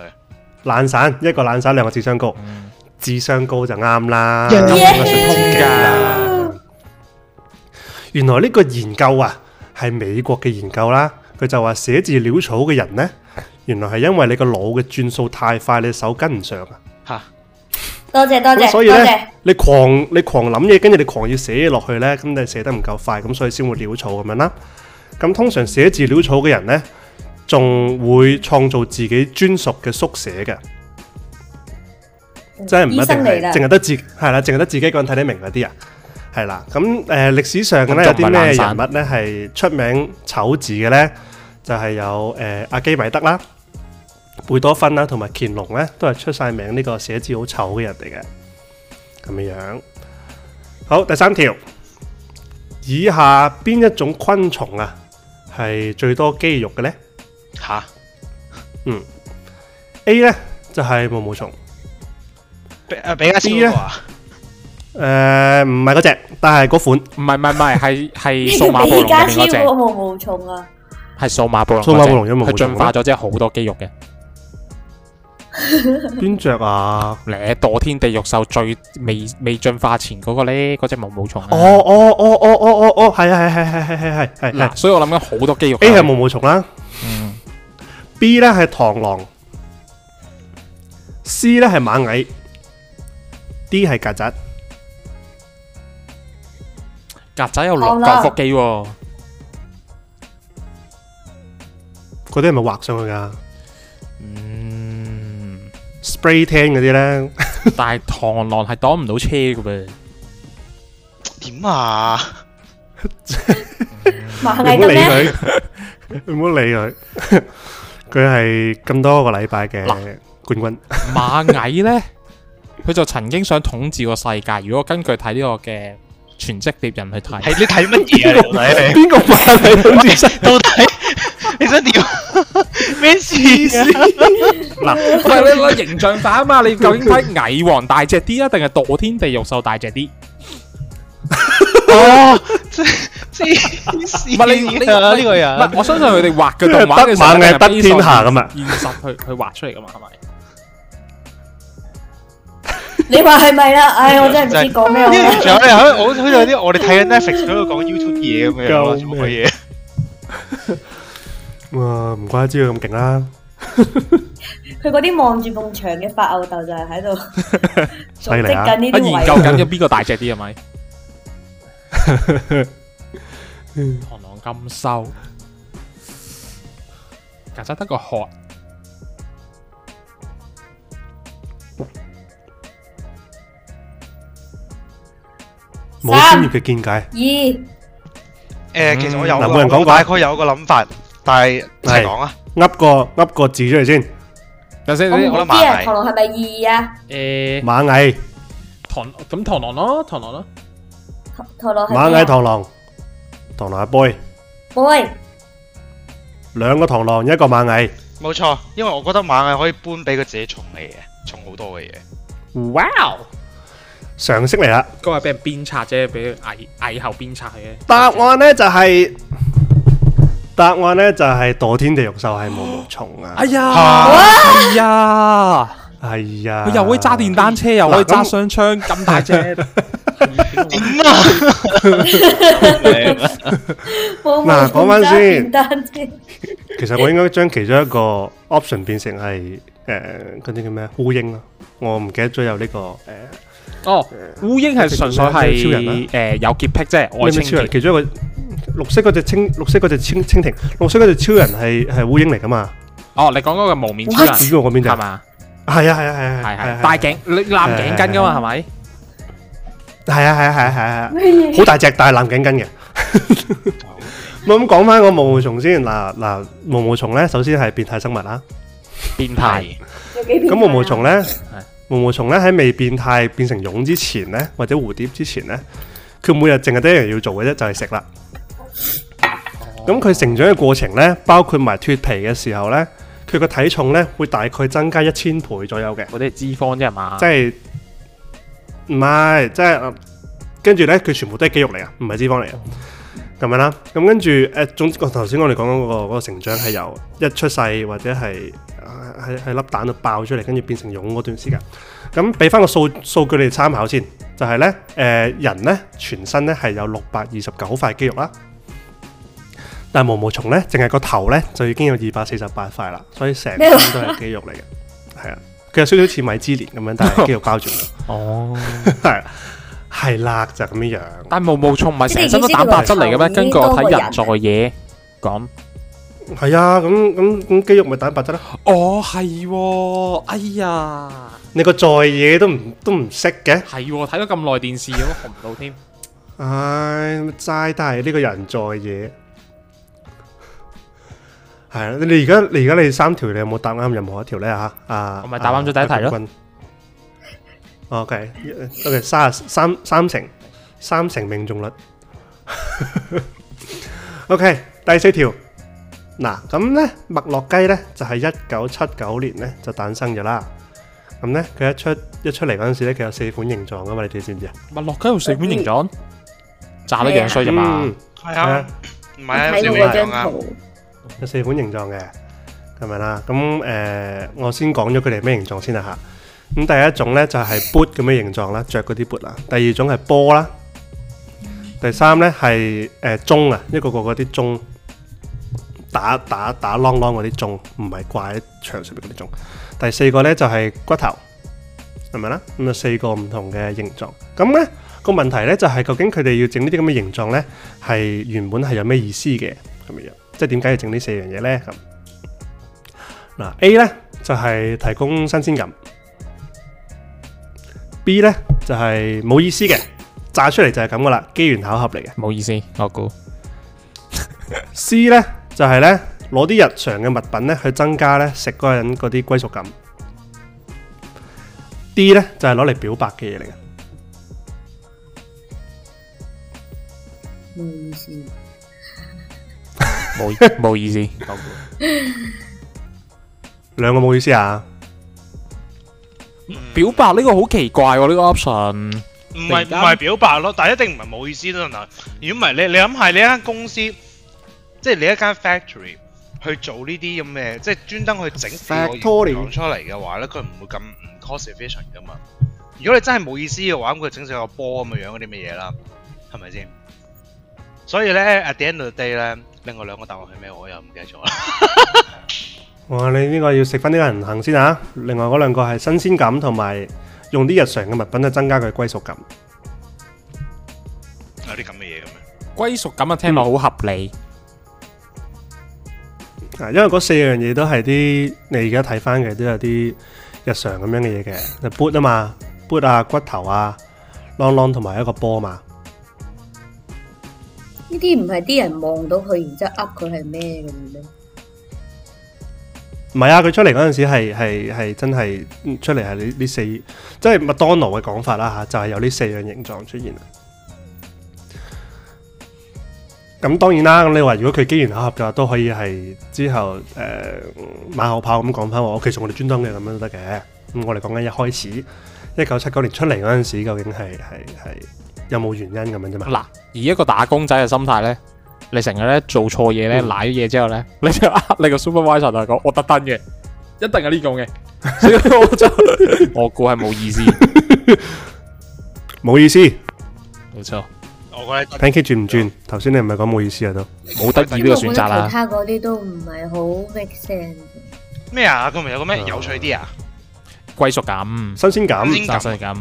Speaker 3: 懶散一個懶散，兩個智商高，嗯、智商高就啱啦，算、yeah、通噶、yeah。原來呢個研究啊，係美國嘅研究啦、啊。佢就話寫字潦草嘅人呢，原來係因為你個腦嘅轉數太快，你手跟唔上啊。吓、huh?。
Speaker 1: 多謝多謝，多謝。所以咧，
Speaker 3: 你狂你狂諗嘢，跟住你狂要寫嘢落去咧，咁你寫得唔夠快，咁所以先會潦草咁樣啦。咁通常寫字潦草嘅人咧，仲會創造自己專屬嘅縮寫嘅，真係唔一定係淨係得字，係啦，淨係得自己一個人睇得明嗰啲啊，係啦。咁誒、歷、呃、史上咧有啲咩人物咧係出名醜字嘅咧，就係、是、有誒、呃、阿基米德啦。貝多芬啦、啊，同埋乾隆咧、啊，都係出晒名呢個寫字好醜嘅人嚟嘅咁樣。好，第三條，以下邊一種昆蟲啊，係最多肌肉嘅咧？嚇，嗯，A 咧就係、是、毛毛蟲。
Speaker 2: 比比卡超咧，
Speaker 3: 誒唔係嗰隻，但係嗰款唔係唔係唔係
Speaker 4: 係係數碼暴龍嗰個毛毛蟲啊，係數碼暴龍，數碼暴龍都冇進化咗，即係好多肌肉嘅。邊隻啊？咧墮天地獄獸最未未進化前嗰個咧，嗰隻毛毛蟲、
Speaker 3: 啊。哦哦哦哦哦哦哦，係、哦哦哦、啊係係係係係係係，所以我諗緊好多肌肉 A。A 係毛毛蟲啦，嗯。B 呢係螳螂，C 呢係螞蟻，D 係曱甴。曱甴有六嚿腹肌，嗰啲係咪畫上去噶？嗯。Spray 廳嗰啲咧，但
Speaker 4: 係螳螂係擋唔到車嘅噃，點啊？螞蟻嘅咩？你唔
Speaker 3: 好理佢，佢係咁多個禮拜嘅冠軍。螞蟻咧，
Speaker 4: 佢就曾經想統治個世界。如果根據睇呢個嘅全職獵人去睇，係你睇乜嘢啊？邊個螞蟻統治世界？
Speaker 2: 你想點？咩 事、啊？
Speaker 4: 嗱， 我係你個形象化啊嘛。你究竟睇蟻王大隻啲、 哦、啊，定係墮天地獄獸大隻啲？哦，
Speaker 1: 即係呢事。唔係你你呢個
Speaker 4: 人。 我相信佢哋畫嘅動畫嘅時候係得天
Speaker 2: 下咁啊，現實去去畫出嚟噶嘛，係咪？
Speaker 1: 你話係咪啊？唉、哎，我真係唔知講咩好。似 我
Speaker 2: 都有啲，我哋睇緊 Netflix 喺度講 YouTube 嘢咁樣咯，全部嘢。
Speaker 3: 唔怪得知佢咁勁啦！
Speaker 1: 佢嗰啲望住埲牆嘅發吽哣就喺度堆積緊呢啲圍。研究緊
Speaker 4: 邊個大隻啲係咪？螳螂咁瘦，夾塞得
Speaker 3: 個殼。冇專業嘅見解。二，誒，其實我有。嗱，冇人講話，佢有個諗法。但係，嚟講啊，噏個噏個字出嚟先。有冇啲人
Speaker 1: 螳螂係咪二啊？誒，
Speaker 3: 螞蟻
Speaker 4: 螳咁螳螂咯，螳螂咯。
Speaker 1: 螳螂
Speaker 4: 螞蟻螳
Speaker 3: 螂，螳螂 boy boy，兩個螳螂一個螞蟻，
Speaker 2: 冇錯。因為我覺得螞蟻可以搬俾佢自己重嘅嘢，重好多嘅嘢。
Speaker 3: 哇！常識嚟啦，
Speaker 4: 今日俾人鞭策啫，俾蟻蟻後鞭策嘅。
Speaker 3: 答案咧就係。答案咧就係墮天地獄獸係毛毛蟲啊！哎呀，係呀，係呀，佢又可以揸電單車，又可以揸雙槍，咁大隻。嗱，講翻先。其實我應該將其中一個 option 變成係誒嗰啲叫咩烏蠅咯，我唔記得咗有呢個誒。
Speaker 4: 哦，烏蠅係純粹係超人
Speaker 3: 誒有潔癖即係，外星超人其中一個。綠色嗰隻青綠色嗰隻青蜻蜓，綠色嗰隻超人係係烏蠅嚟噶嘛？哦，你
Speaker 4: 講嗰個無面超人係嘛？
Speaker 3: 係啊係啊係係係大
Speaker 4: 頸你藍頸巾噶嘛？係咪？
Speaker 3: 係啊係啊係啊係啊，好大隻，但係藍頸巾嘅。咁講翻個毛毛蟲先，嗱嗱毛毛蟲咧，首先係變態生物啦。變態，咁毛毛蟲咧，毛毛蟲咧喺未變態變成蛹之前咧，或者蝴蝶之前咧，佢每日淨係得一樣要做嘅啫，就係食啦。咁佢成長嘅過程咧，包括埋脫皮嘅時候咧，佢個體重咧會大概增加一千倍左右嘅。嗰啲係脂肪啫嘛？即係唔係，即係、就是、跟住咧，佢全部都係肌肉嚟啊，唔係脂肪嚟呀。咁樣啦。咁跟住誒、呃，總之我頭先我哋講緊嗰個成長係由一出世或者係喺喺粒蛋度爆出嚟，跟住變成蛹嗰段時間。咁比翻個數，數據你參考先，就係、是、咧、呃、人咧全身咧係有六百二十九塊肌肉啦。但毛毛蟲咧，淨係個頭咧就已經有二百四十八塊啦，所以成身都係肌肉嚟嘅。係啊，佢有少少似米芝蓮咁樣、， 哦 啊就是、樣，但係肌肉包住。哦，係係啦，就咁樣。但毛毛蟲唔係成身都蛋白質嚟嘅咩？根據我睇人
Speaker 4: 在嘢講，
Speaker 3: 係啊，咁咁咁肌肉咪蛋白質咯。哦，係、啊。哎呀，你個在嘢都唔都唔識嘅？係、啊，睇咗咁耐電視都，都學唔到添。唉，齋，但係呢個人在嘢。係啦，你而家你而家你三條，你有冇答啱任何一條咧吓？啊，我咪答啱咗第一題咯。OK，OK，三啊三三成三成命中率。OK，第四條，嗱咁咧麥樂雞咧就係一九七九年咧就誕生咗啦。咁咧佢一出一出嚟，嗰陣時咧，佢有四款形狀噶嘛？你哋知唔知啊？麥樂雞有四款形狀，炸得樣衰，係嘛？係啊，唔係啊？睇到個磚圖。有四款形狀嘅，係咪啦？咁誒、呃，我先講咗佢哋咩形狀先啦、啊、吓。咁第一種咧就係 boot 咁嘅形狀啦，着嗰啲 boot 啊。第二種係波啦，第三咧係誒鐘啊，一個個嗰啲鐘，打打打啷啷嗰啲鐘，唔係掛喺牆上面啲鐘。第四個咧就係、是、骨頭，係咪啦？咁啊四個唔同嘅形狀。咁咧個問題咧就係、是、究竟佢哋要整呢啲咁嘅形狀咧，係原本係有咩意思嘅咁嘅樣？即係點解要整呢四樣嘢咧？咁嗱，A 咧就係提供新鮮感，B 咧就係冇意思嘅，炸出嚟就係咁噶啦，機緣巧合嚟嘅，冇意思。我估。C 咧就係咧攞啲日常嘅物品咧去增加咧食嗰個人嗰啲歸屬感。D 咧就係攞嚟表白嘅嘢嚟嘅。
Speaker 1: 冇意思。
Speaker 4: 冇冇意思，兩個冇意思啊！表白呢個好奇怪喎，呢個 option
Speaker 2: 唔係唔係表白咯，但係一定唔係冇意思啦嗱。如果唔係你你諗下你一間公司，即係你一間 factory 去做呢啲咁嘅，即係專登去整字講出嚟嘅話咧，佢唔會咁唔 conspicuous 噶嘛。如果你真係冇意思嘅話，咁佢整成個波咁嘅樣嗰啲咩嘢啦，係咪先？所以咧，at the end of the day 咧。聽過兩個答案係咩？
Speaker 3: 我又唔記得咗啦。哇！你呢個要食翻啲人行先啊。另外嗰兩個係新鮮感同埋用啲日常嘅物品去增加佢歸屬感。有啲咁嘅嘢咁樣歸
Speaker 4: 屬感啊，聽落好合理。
Speaker 3: 啊，因為嗰四樣嘢都係啲你而家睇翻嘅，都有啲日常咁樣嘅嘢嘅，就 boot 啊嘛，boot 啊骨頭啊，long long 同埋一個波嘛。
Speaker 1: 呢啲
Speaker 3: 唔係啲人望到佢，然之後噏佢係咩咁咩？唔係啊！佢出嚟嗰陣時係係真係出嚟係呢呢四，即係麥當勞嘅講法啦吓，就係、是、有呢四樣形狀出現。咁當然啦，你話如果佢機緣巧合嘅話，也可呃、的的都可以係之後誒馬後炮咁講翻我其實我哋專登嘅咁樣都得嘅。我哋講緊一開始一九七九年出嚟嗰陣時，究竟係係係。有冇原因咁樣啫嘛？嗱，
Speaker 4: 而一個打工仔嘅心態咧，你成日咧做錯嘢咧，瀨咗嘢之後咧，
Speaker 3: 你就呃你個 supervisor 就係講，我特登嘅，
Speaker 4: 一定係呢種嘅，所以
Speaker 3: 我就我估係冇意思，冇意思，冇錯。我覺得，Pancake 轉唔轉？頭先你唔係講冇意思啊都冇得意呢個選擇啦。其他
Speaker 1: 嗰啲都唔係好 make
Speaker 2: sense。咩啊？佢唔係有個咩有趣啲啊？
Speaker 3: 歸屬感、新鮮感、新鮮感。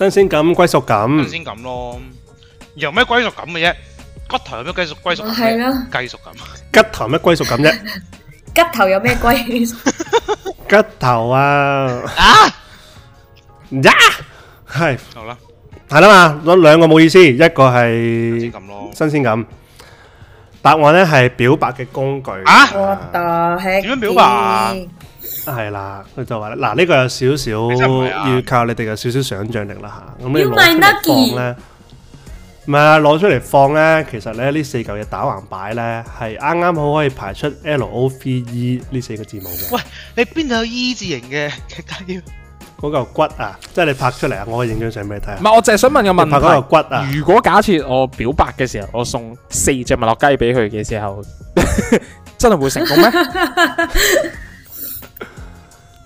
Speaker 3: 新鮮感歸屬感，新
Speaker 2: 鮮感咯。有咩歸屬感嘅啫？骨頭有咩歸屬歸屬感？係啦，歸屬感。
Speaker 3: 骨頭有咩歸屬感啫？
Speaker 2: 骨頭有咩
Speaker 1: 歸？
Speaker 3: 骨頭啊！啊！呀！係，好啦，係啦嘛，嗰兩個冇意思，一個係新鮮感咯。新鮮感，答案咧係表白嘅工具啊！
Speaker 2: 我答係點樣表
Speaker 3: 白。係啦，佢就話啦，嗱呢個有少少、啊、要靠你哋有少少想象力啦吓，咁你攞出嚟放咧，唔係啊，攞出嚟放咧，其實咧呢這四嚿嘢打橫擺咧，係啱啱好可以排出 L O V E 呢四個字母嘅。喂，你邊度有 E 字形嘅嘅嗰嚿骨啊，即係你拍出嚟啊！我可以影張相俾你睇啊！唔係，我
Speaker 4: 淨係想問個問題，拍嗰嚿骨啊？如果假設我表白嘅時候，我送四隻麥樂雞俾佢嘅時候， 真係會成功咩？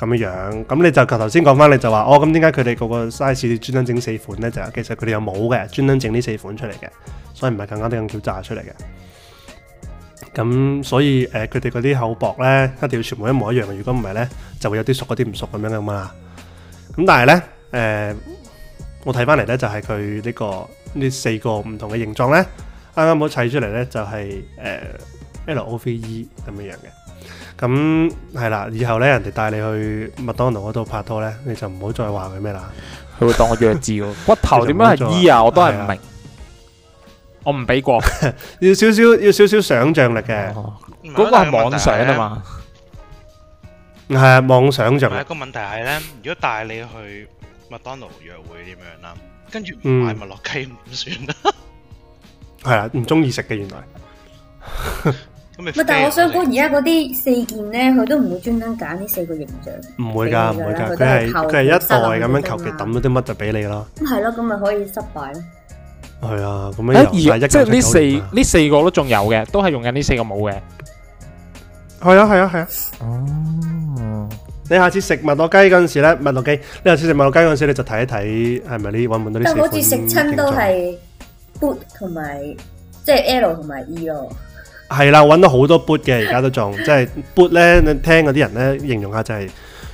Speaker 3: 咁樣樣，咁你就頭先講翻，你就話哦，咁點解佢哋嗰個 size 專登整四款呢？就其實佢哋又冇嘅，專登整呢四款出嚟嘅，所以唔係更加啲咁叫炸出嚟嘅。咁所以佢哋嗰啲厚薄呢，一定要全部一模一樣嘅。如果唔係呢，就會有啲熟嗰啲唔熟咁樣噶嘛。咁但係呢，誒、呃，我睇翻嚟呢，就係佢呢個呢四個唔同嘅形狀呢，啱啱好砌出嚟呢、就係，就、呃、係 LOVE 咁樣嘅。咁係啦，以後咧，人哋帶你去麥當勞嗰度拍拖咧，你就唔好再話佢咩啦，佢
Speaker 4: 會當我弱智噶。
Speaker 3: 骨頭點樣係 E 啊？我都係唔明。我唔俾過，要少少，要少少想像力嘅。嗰個係妄想啊嘛。係啊，妄想就。個
Speaker 2: 問題係咧，如果帶你去麥當勞約會點樣啦？跟住唔買麥
Speaker 3: 樂雞點算啊？係啊，唔中意食嘅原來。唔係，但係我想估而家
Speaker 1: 嗰啲四件咧，佢都唔會專登揀呢四個形象，唔會噶，唔會噶，佢係佢係一代咁樣求其
Speaker 3: 抌咗啲乜就俾你咯。咁
Speaker 1: 係咯，咁咪可以失敗
Speaker 3: 咯。係啊，咁樣又即係呢四呢四個都仲有嘅，都係用緊呢四個帽嘅。係啊，係啊，係啊。哦，你下次食麥樂雞嗰陣時咧，麥樂雞，你下次食麥樂雞嗰陣時，你就睇一睇係咪你揾唔揾到啲。好似食親都係
Speaker 1: ，boot 同埋即係 L 同埋 E 咯。
Speaker 3: 係啦，搵到好多 boot 嘅，而家都仲，即係 boot 咧。你聽嗰啲人咧形容下，就係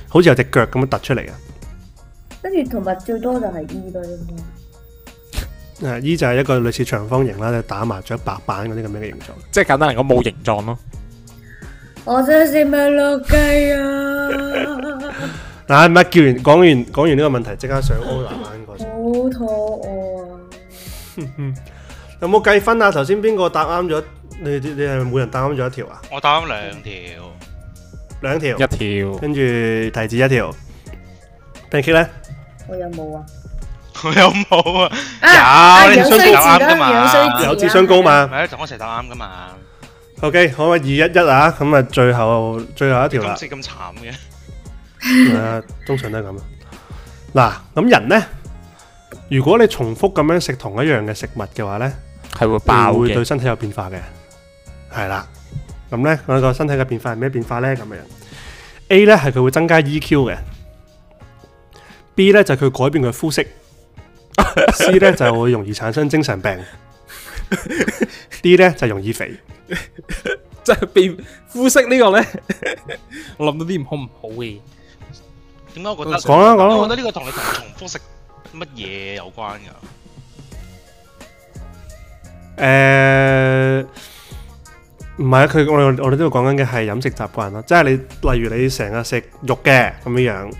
Speaker 3: 好似有隻腳咁樣突出嚟啊。跟住
Speaker 1: 同
Speaker 3: 埋最多就係 E 咯。誒、uh，E 就係一個類似長方形啦，即打麻雀白板嗰啲咁樣嘅形狀。即係簡單嚟講，冇形狀咯。
Speaker 1: 我想食麥樂雞啊。
Speaker 3: 嗱，唔咪叫完講完講完呢個問題，即刻上 Ola。
Speaker 1: 好肚餓餓
Speaker 2: 啊！
Speaker 3: 有冇計分啊？頭先邊個答啱咗？你你係咪每人打咗一條啊？
Speaker 2: 我打咗兩條，
Speaker 3: 兩條，一條，跟住提子一條。番茄咧？我又冇啊！我又冇啊！啊！有你雙子打啱噶嘛？有智商高嘛？係啊，同我一齊打啱噶嘛？OK，可唔可以二一一啊？咁啊，最後最後一條啦。
Speaker 2: 咁慘
Speaker 3: 嘅，啊，通常都係咁啦。嗱，咁人咧，如果你重複咁樣食同一樣嘅食物嘅話咧，係會爆嘅，會對身體有變化嘅。係啦，咁咧我個身體嘅變化係咩變化咧？咁嘅樣，A 咧係佢會增加 E.Q. 嘅，B 咧就佢、係、改變佢膚色 ，C 咧就會容易產生精神病 ，D 咧就係、容易肥，即係變膚色個呢個咧， 我諗到啲唔好唔好嘅，
Speaker 2: 點解我覺得講啦講啦，我覺得呢個同你同膚色乜嘢有關噶，誒、
Speaker 3: 呃。唔係啊，佢我我我哋呢度講緊嘅係飲食習慣咯，即係你例如你成日食肉嘅咁樣樣，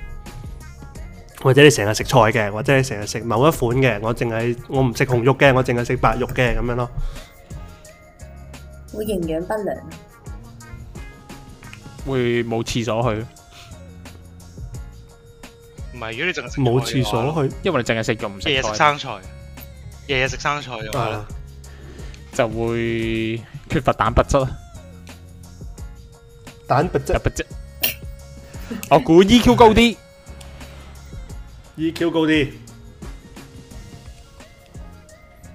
Speaker 3: 或者你成日食菜嘅，或者你成日食某一款嘅，我淨係我唔食紅肉嘅，我淨係食白肉嘅咁樣咯，
Speaker 1: 會營養不良，
Speaker 4: 會
Speaker 3: 冇廁所去，
Speaker 2: 唔係如果你淨係冇廁所去，
Speaker 4: 因為你淨係食肉唔食嘢，日日食生
Speaker 2: 菜，日日食生菜係啦，
Speaker 4: 就會。缺乏蛋白質啊！蛋白質，
Speaker 3: 我估 EQ 高啲，EQ 高啲，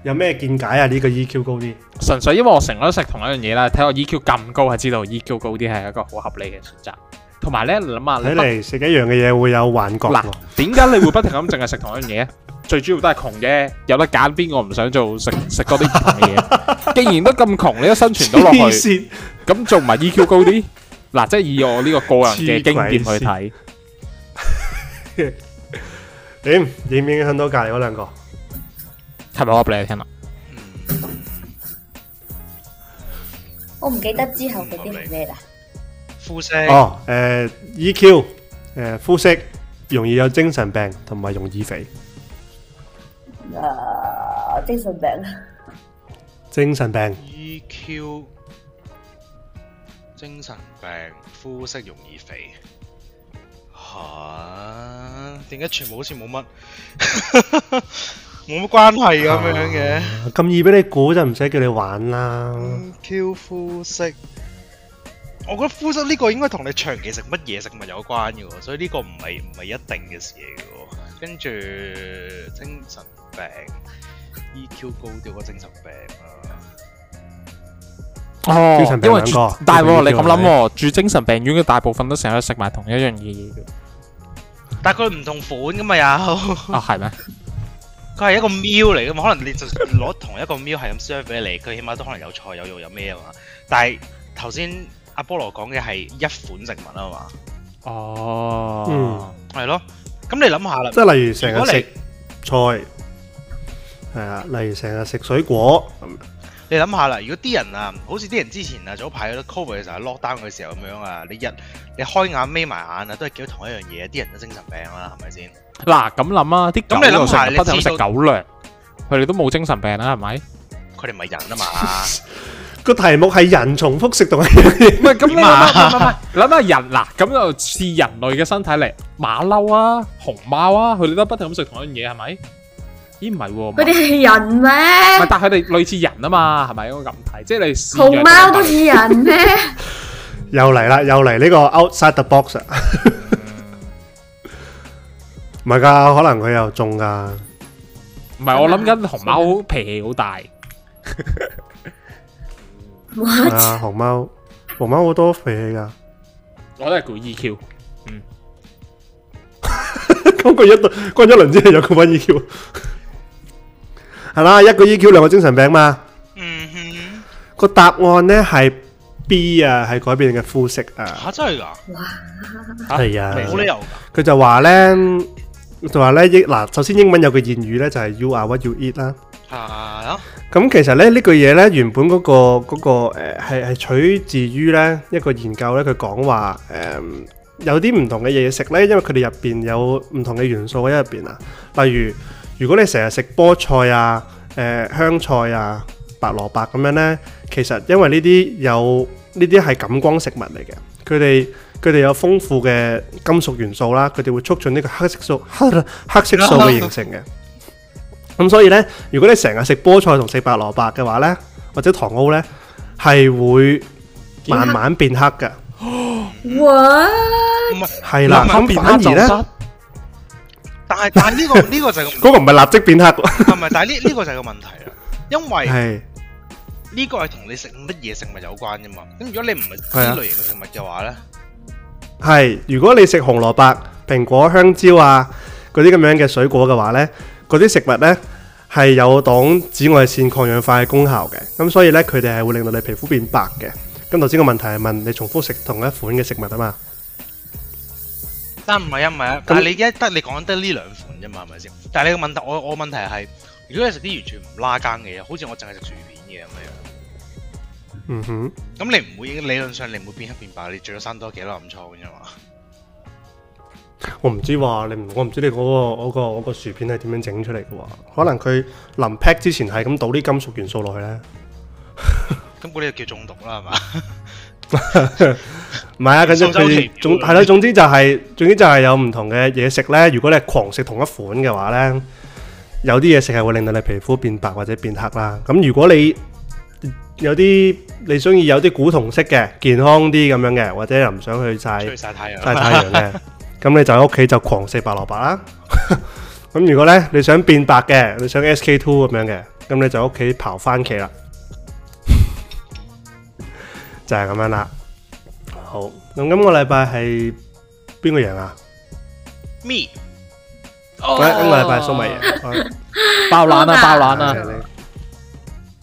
Speaker 3: 有咩見解啊？呢個 EQ 高啲，純粹因為我成日都食
Speaker 4: 同一樣嘢啦，睇我 EQ 咁高，係知道 EQ 高啲係一個好合理嘅選擇。同埋咧，諗下你嚟
Speaker 3: 食一樣嘅嘢會有幻覺喎。
Speaker 4: 點解你會不停咁淨係食同一樣嘢？最主要都係窮啫，有得揀邊個唔想做食食多啲嘢。
Speaker 3: 既然都咁窮，你都生
Speaker 4: 存到落去咁，做埋 E. Q. 高啲嗱，即係以我呢個個人嘅經驗去睇
Speaker 3: 點影唔影到隔籬嗰兩個係咪我俾你聽啦？
Speaker 1: 我唔記得之後肥啲係咩啦。
Speaker 2: 膚色
Speaker 3: 哦，誒 E. Q. 誒，膚色容易有精神病，同埋容易肥。誒，精神病，精神病，E
Speaker 2: Q，精神病，膚色容易肥，吓？點解全部好似冇乜，
Speaker 3: 冇乜關係
Speaker 2: 咁樣嘅？
Speaker 3: 咁易俾你估就唔使叫你玩啦。Q
Speaker 2: 膚色，我覺得膚色呢個應該同你長期食乜嘢食物有關嘅，所以呢個唔係唔係一定嘅事嚟嘅。跟住精神病 EQ 高，掉個精神病
Speaker 3: 啊！哦，因為
Speaker 4: 大你咁諗喎，住精神病院嘅大部分都成日食埋同一樣嘢嘅。
Speaker 2: 但係佢唔同款噶嘛又啊？係咩？佢係一個 meal 嚟嘅，可能你就攞同一個 meal 係咁 share 俾你，佢起碼都可能有菜有肉有咩啊嘛。但係頭先阿波羅講嘅係一款食物啊嘛。
Speaker 3: 哦，嗯，
Speaker 2: 係咯。咁你諗下啦，即係例如成日食
Speaker 3: 菜。係啊，例如成日食水果咁，
Speaker 2: 你諗下啦。如果啲人啊，好似啲人之前啊，早排嗰啲 Covid 嘅時候 lock down 嘅時候咁樣啊，你日你開眼眯埋眼啊，都係見到同一樣嘢，啲人都精神病啦，係咪先？
Speaker 4: 嗱，咁諗啊，啲狗又食，不停食狗糧，佢哋都冇精神病啦，係咪？
Speaker 2: 佢哋唔係人啊嘛。個
Speaker 3: 題目係人重複食同係
Speaker 4: 唔係咁？你諗下，諗下人嗱，咁就似人類嘅身體嚟，馬騮啊、熊貓啊，佢哋都不停咁食同一樣嘢，係咪？
Speaker 3: 咦，唔係喎，佢哋
Speaker 1: 係人咩？唔
Speaker 4: 係，但係佢哋類似人啊嘛，係咪？我咁睇，即係你。熊
Speaker 1: 貓都似人咩？
Speaker 3: 又嚟啦，又嚟呢個 outside the box。唔係㗎，可能佢又中㗎。唔
Speaker 4: 係，我諗緊熊貓脾氣好大。
Speaker 3: 咩？熊貓，熊貓好多脾氣㗎。
Speaker 4: 我都係估 E. Q.，嗯。
Speaker 3: 講佢一講一輪之後又估翻 E. Q. 係啦，一個 E Q，兩個精神病嘛。嗯哼，個答案呢係 B 係、uh, 啊，係改變你嘅膚色啊。
Speaker 2: 吓真係噶？係啊，冇理由噶。
Speaker 3: 佢就話呢，就話呢，嗱，首先英文有個諺語呢、就係，就係 You are what you eat 啦。
Speaker 2: 係、啊、
Speaker 3: 咁其實呢，呢句嘢呢，原本嗰、嗰個嗰、嗰個誒係係取自於呢一個研究呢。佢講話誒有啲唔同嘅嘢食呢，因為佢哋入邊有唔同嘅元素喺入邊啊，例如。如果你成日食菠菜啊、誒、呃、香菜啊、白蘿蔔咁樣呢，其實因為呢啲有呢啲係感光食物嚟嘅，佢哋佢哋有豐富嘅金屬元素啦，佢哋會促進呢個黑色素黑色素嘅形成嘅。咁 所以呢，如果你成日食菠菜同食白蘿蔔嘅話呢，或者糖屋咧，係會慢慢變黑嘅。
Speaker 2: 哇！係、哦、啦，咁反而呢。但係，但係呢個呢個就係個，嗰個唔係立
Speaker 3: 即變黑。係咪？但係呢呢個就係個問題啦。
Speaker 2: 因為呢個係同你食乜嘢食物有關嘅嘛。咁如果你唔係呢類型嘅食物嘅話咧，
Speaker 3: 係如果你食紅蘿蔔、蘋果、香蕉啊嗰啲咁樣嘅水果嘅話咧，嗰啲食物咧係有擋紫外線、抗氧化嘅功效嘅。咁所以咧，佢哋係會令到你皮膚變白嘅。咁頭先個問題係問你重複食同一款嘅食物啊嘛。
Speaker 2: 但唔係啊，唔係啊，啊，但係你一得你講得呢兩款啫嘛，係咪先？但係你個問題，我我問題係，如果你食啲完全唔拉更嘅嘢，好似我淨係食薯片嘅咁樣。嗯哼。咁你唔會理論上你唔會變黑變白，你最多生多幾粒暗瘡啫嘛。
Speaker 3: 我唔知喎，你唔我唔知你嗰個嗰個嗰個薯片係點樣整出嚟嘅喎？可能佢臨 pack 之前係咁倒啲金屬元素落去咧，
Speaker 2: 咁嗰啲就叫中毒啦，係嘛？
Speaker 3: 唔 係啊，佢 總之就係，總之就係、是、有唔同嘅嘢食呢。如果你係狂食同一款嘅話呢，有啲嘢食係會令到你皮膚變白或者變黑啦。咁如果你有啲你中意有啲古銅色嘅健康啲咁樣嘅，或者又唔想去晒晒太陽嘅，咁 你就喺屋企就狂食白蘿蔔啦。咁如果呢，你想變白嘅，你想 S K Two 咁樣嘅，咁你就喺屋企刨番茄啦。就係咁樣啦，好，咁今個禮拜係邊個贏啊
Speaker 2: ？Me，今個禮拜係蘇米贏
Speaker 3: 包攬啊，包攬啊！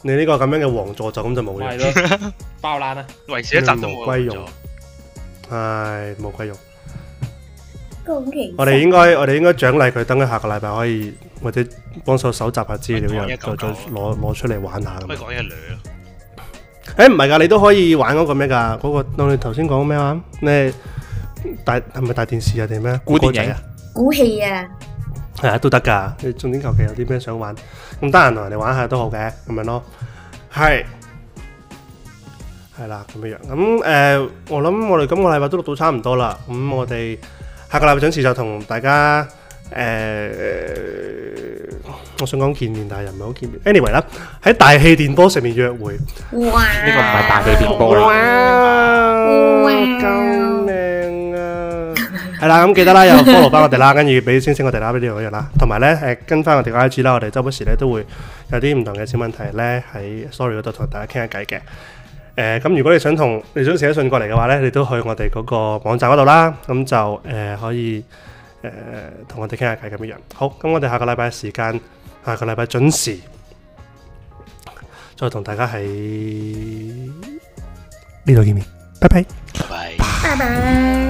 Speaker 3: 你呢個咁樣嘅王座就咁就冇嘢，
Speaker 4: 包攬啊，維持一集都冇
Speaker 3: 嘅。唉，冇鬼用，
Speaker 4: 我哋應
Speaker 3: 該，我哋應該獎勵佢，等佢下個禮拜可以或者幫手搜集下資料，又再再攞攞出嚟玩下。咁咪講嘢兩。誒、欸，唔係噶，你都可以玩嗰個咩噶，嗰、那個當你頭先講咩話，咩大係咪大電視啊定咩古電影啊，
Speaker 1: 古戲啊，
Speaker 3: 係啊都得噶，你重點求其有啲咩想玩，咁得閒同人哋玩下都好嘅，咁樣咯，係係啦咁樣樣，咁誒、呃，我諗我哋今個禮拜都錄到差唔多啦，咁我哋下個禮拜準時就同大家。誒、呃，我想講見面，但係又唔係好見面。Anyway 啦，喺大氣電波上面約會，呢、這個唔係大氣電波啦。哇，
Speaker 1: 靚啊！
Speaker 3: 係啦，咁記得啦，又 follow 翻我哋啦，跟住俾星星我哋啦，呢樣嗰樣啦。同埋咧，誒，跟翻我哋個 I G 啦，我哋周不時咧都會有啲唔同嘅小問題咧喺 story 嗰度同大家傾下偈嘅。誒、呃，咁如果你想同你想寫信過嚟嘅話咧，你都去我哋嗰個網站嗰度啦。咁就誒、呃、可以。誒、呃，同我哋傾下偈咁嘅樣，好，咁、嗯、我哋下個禮拜嘅時間，下個禮拜準時再同大家喺呢度見面。拜拜，
Speaker 2: 拜拜，拜拜。拜拜。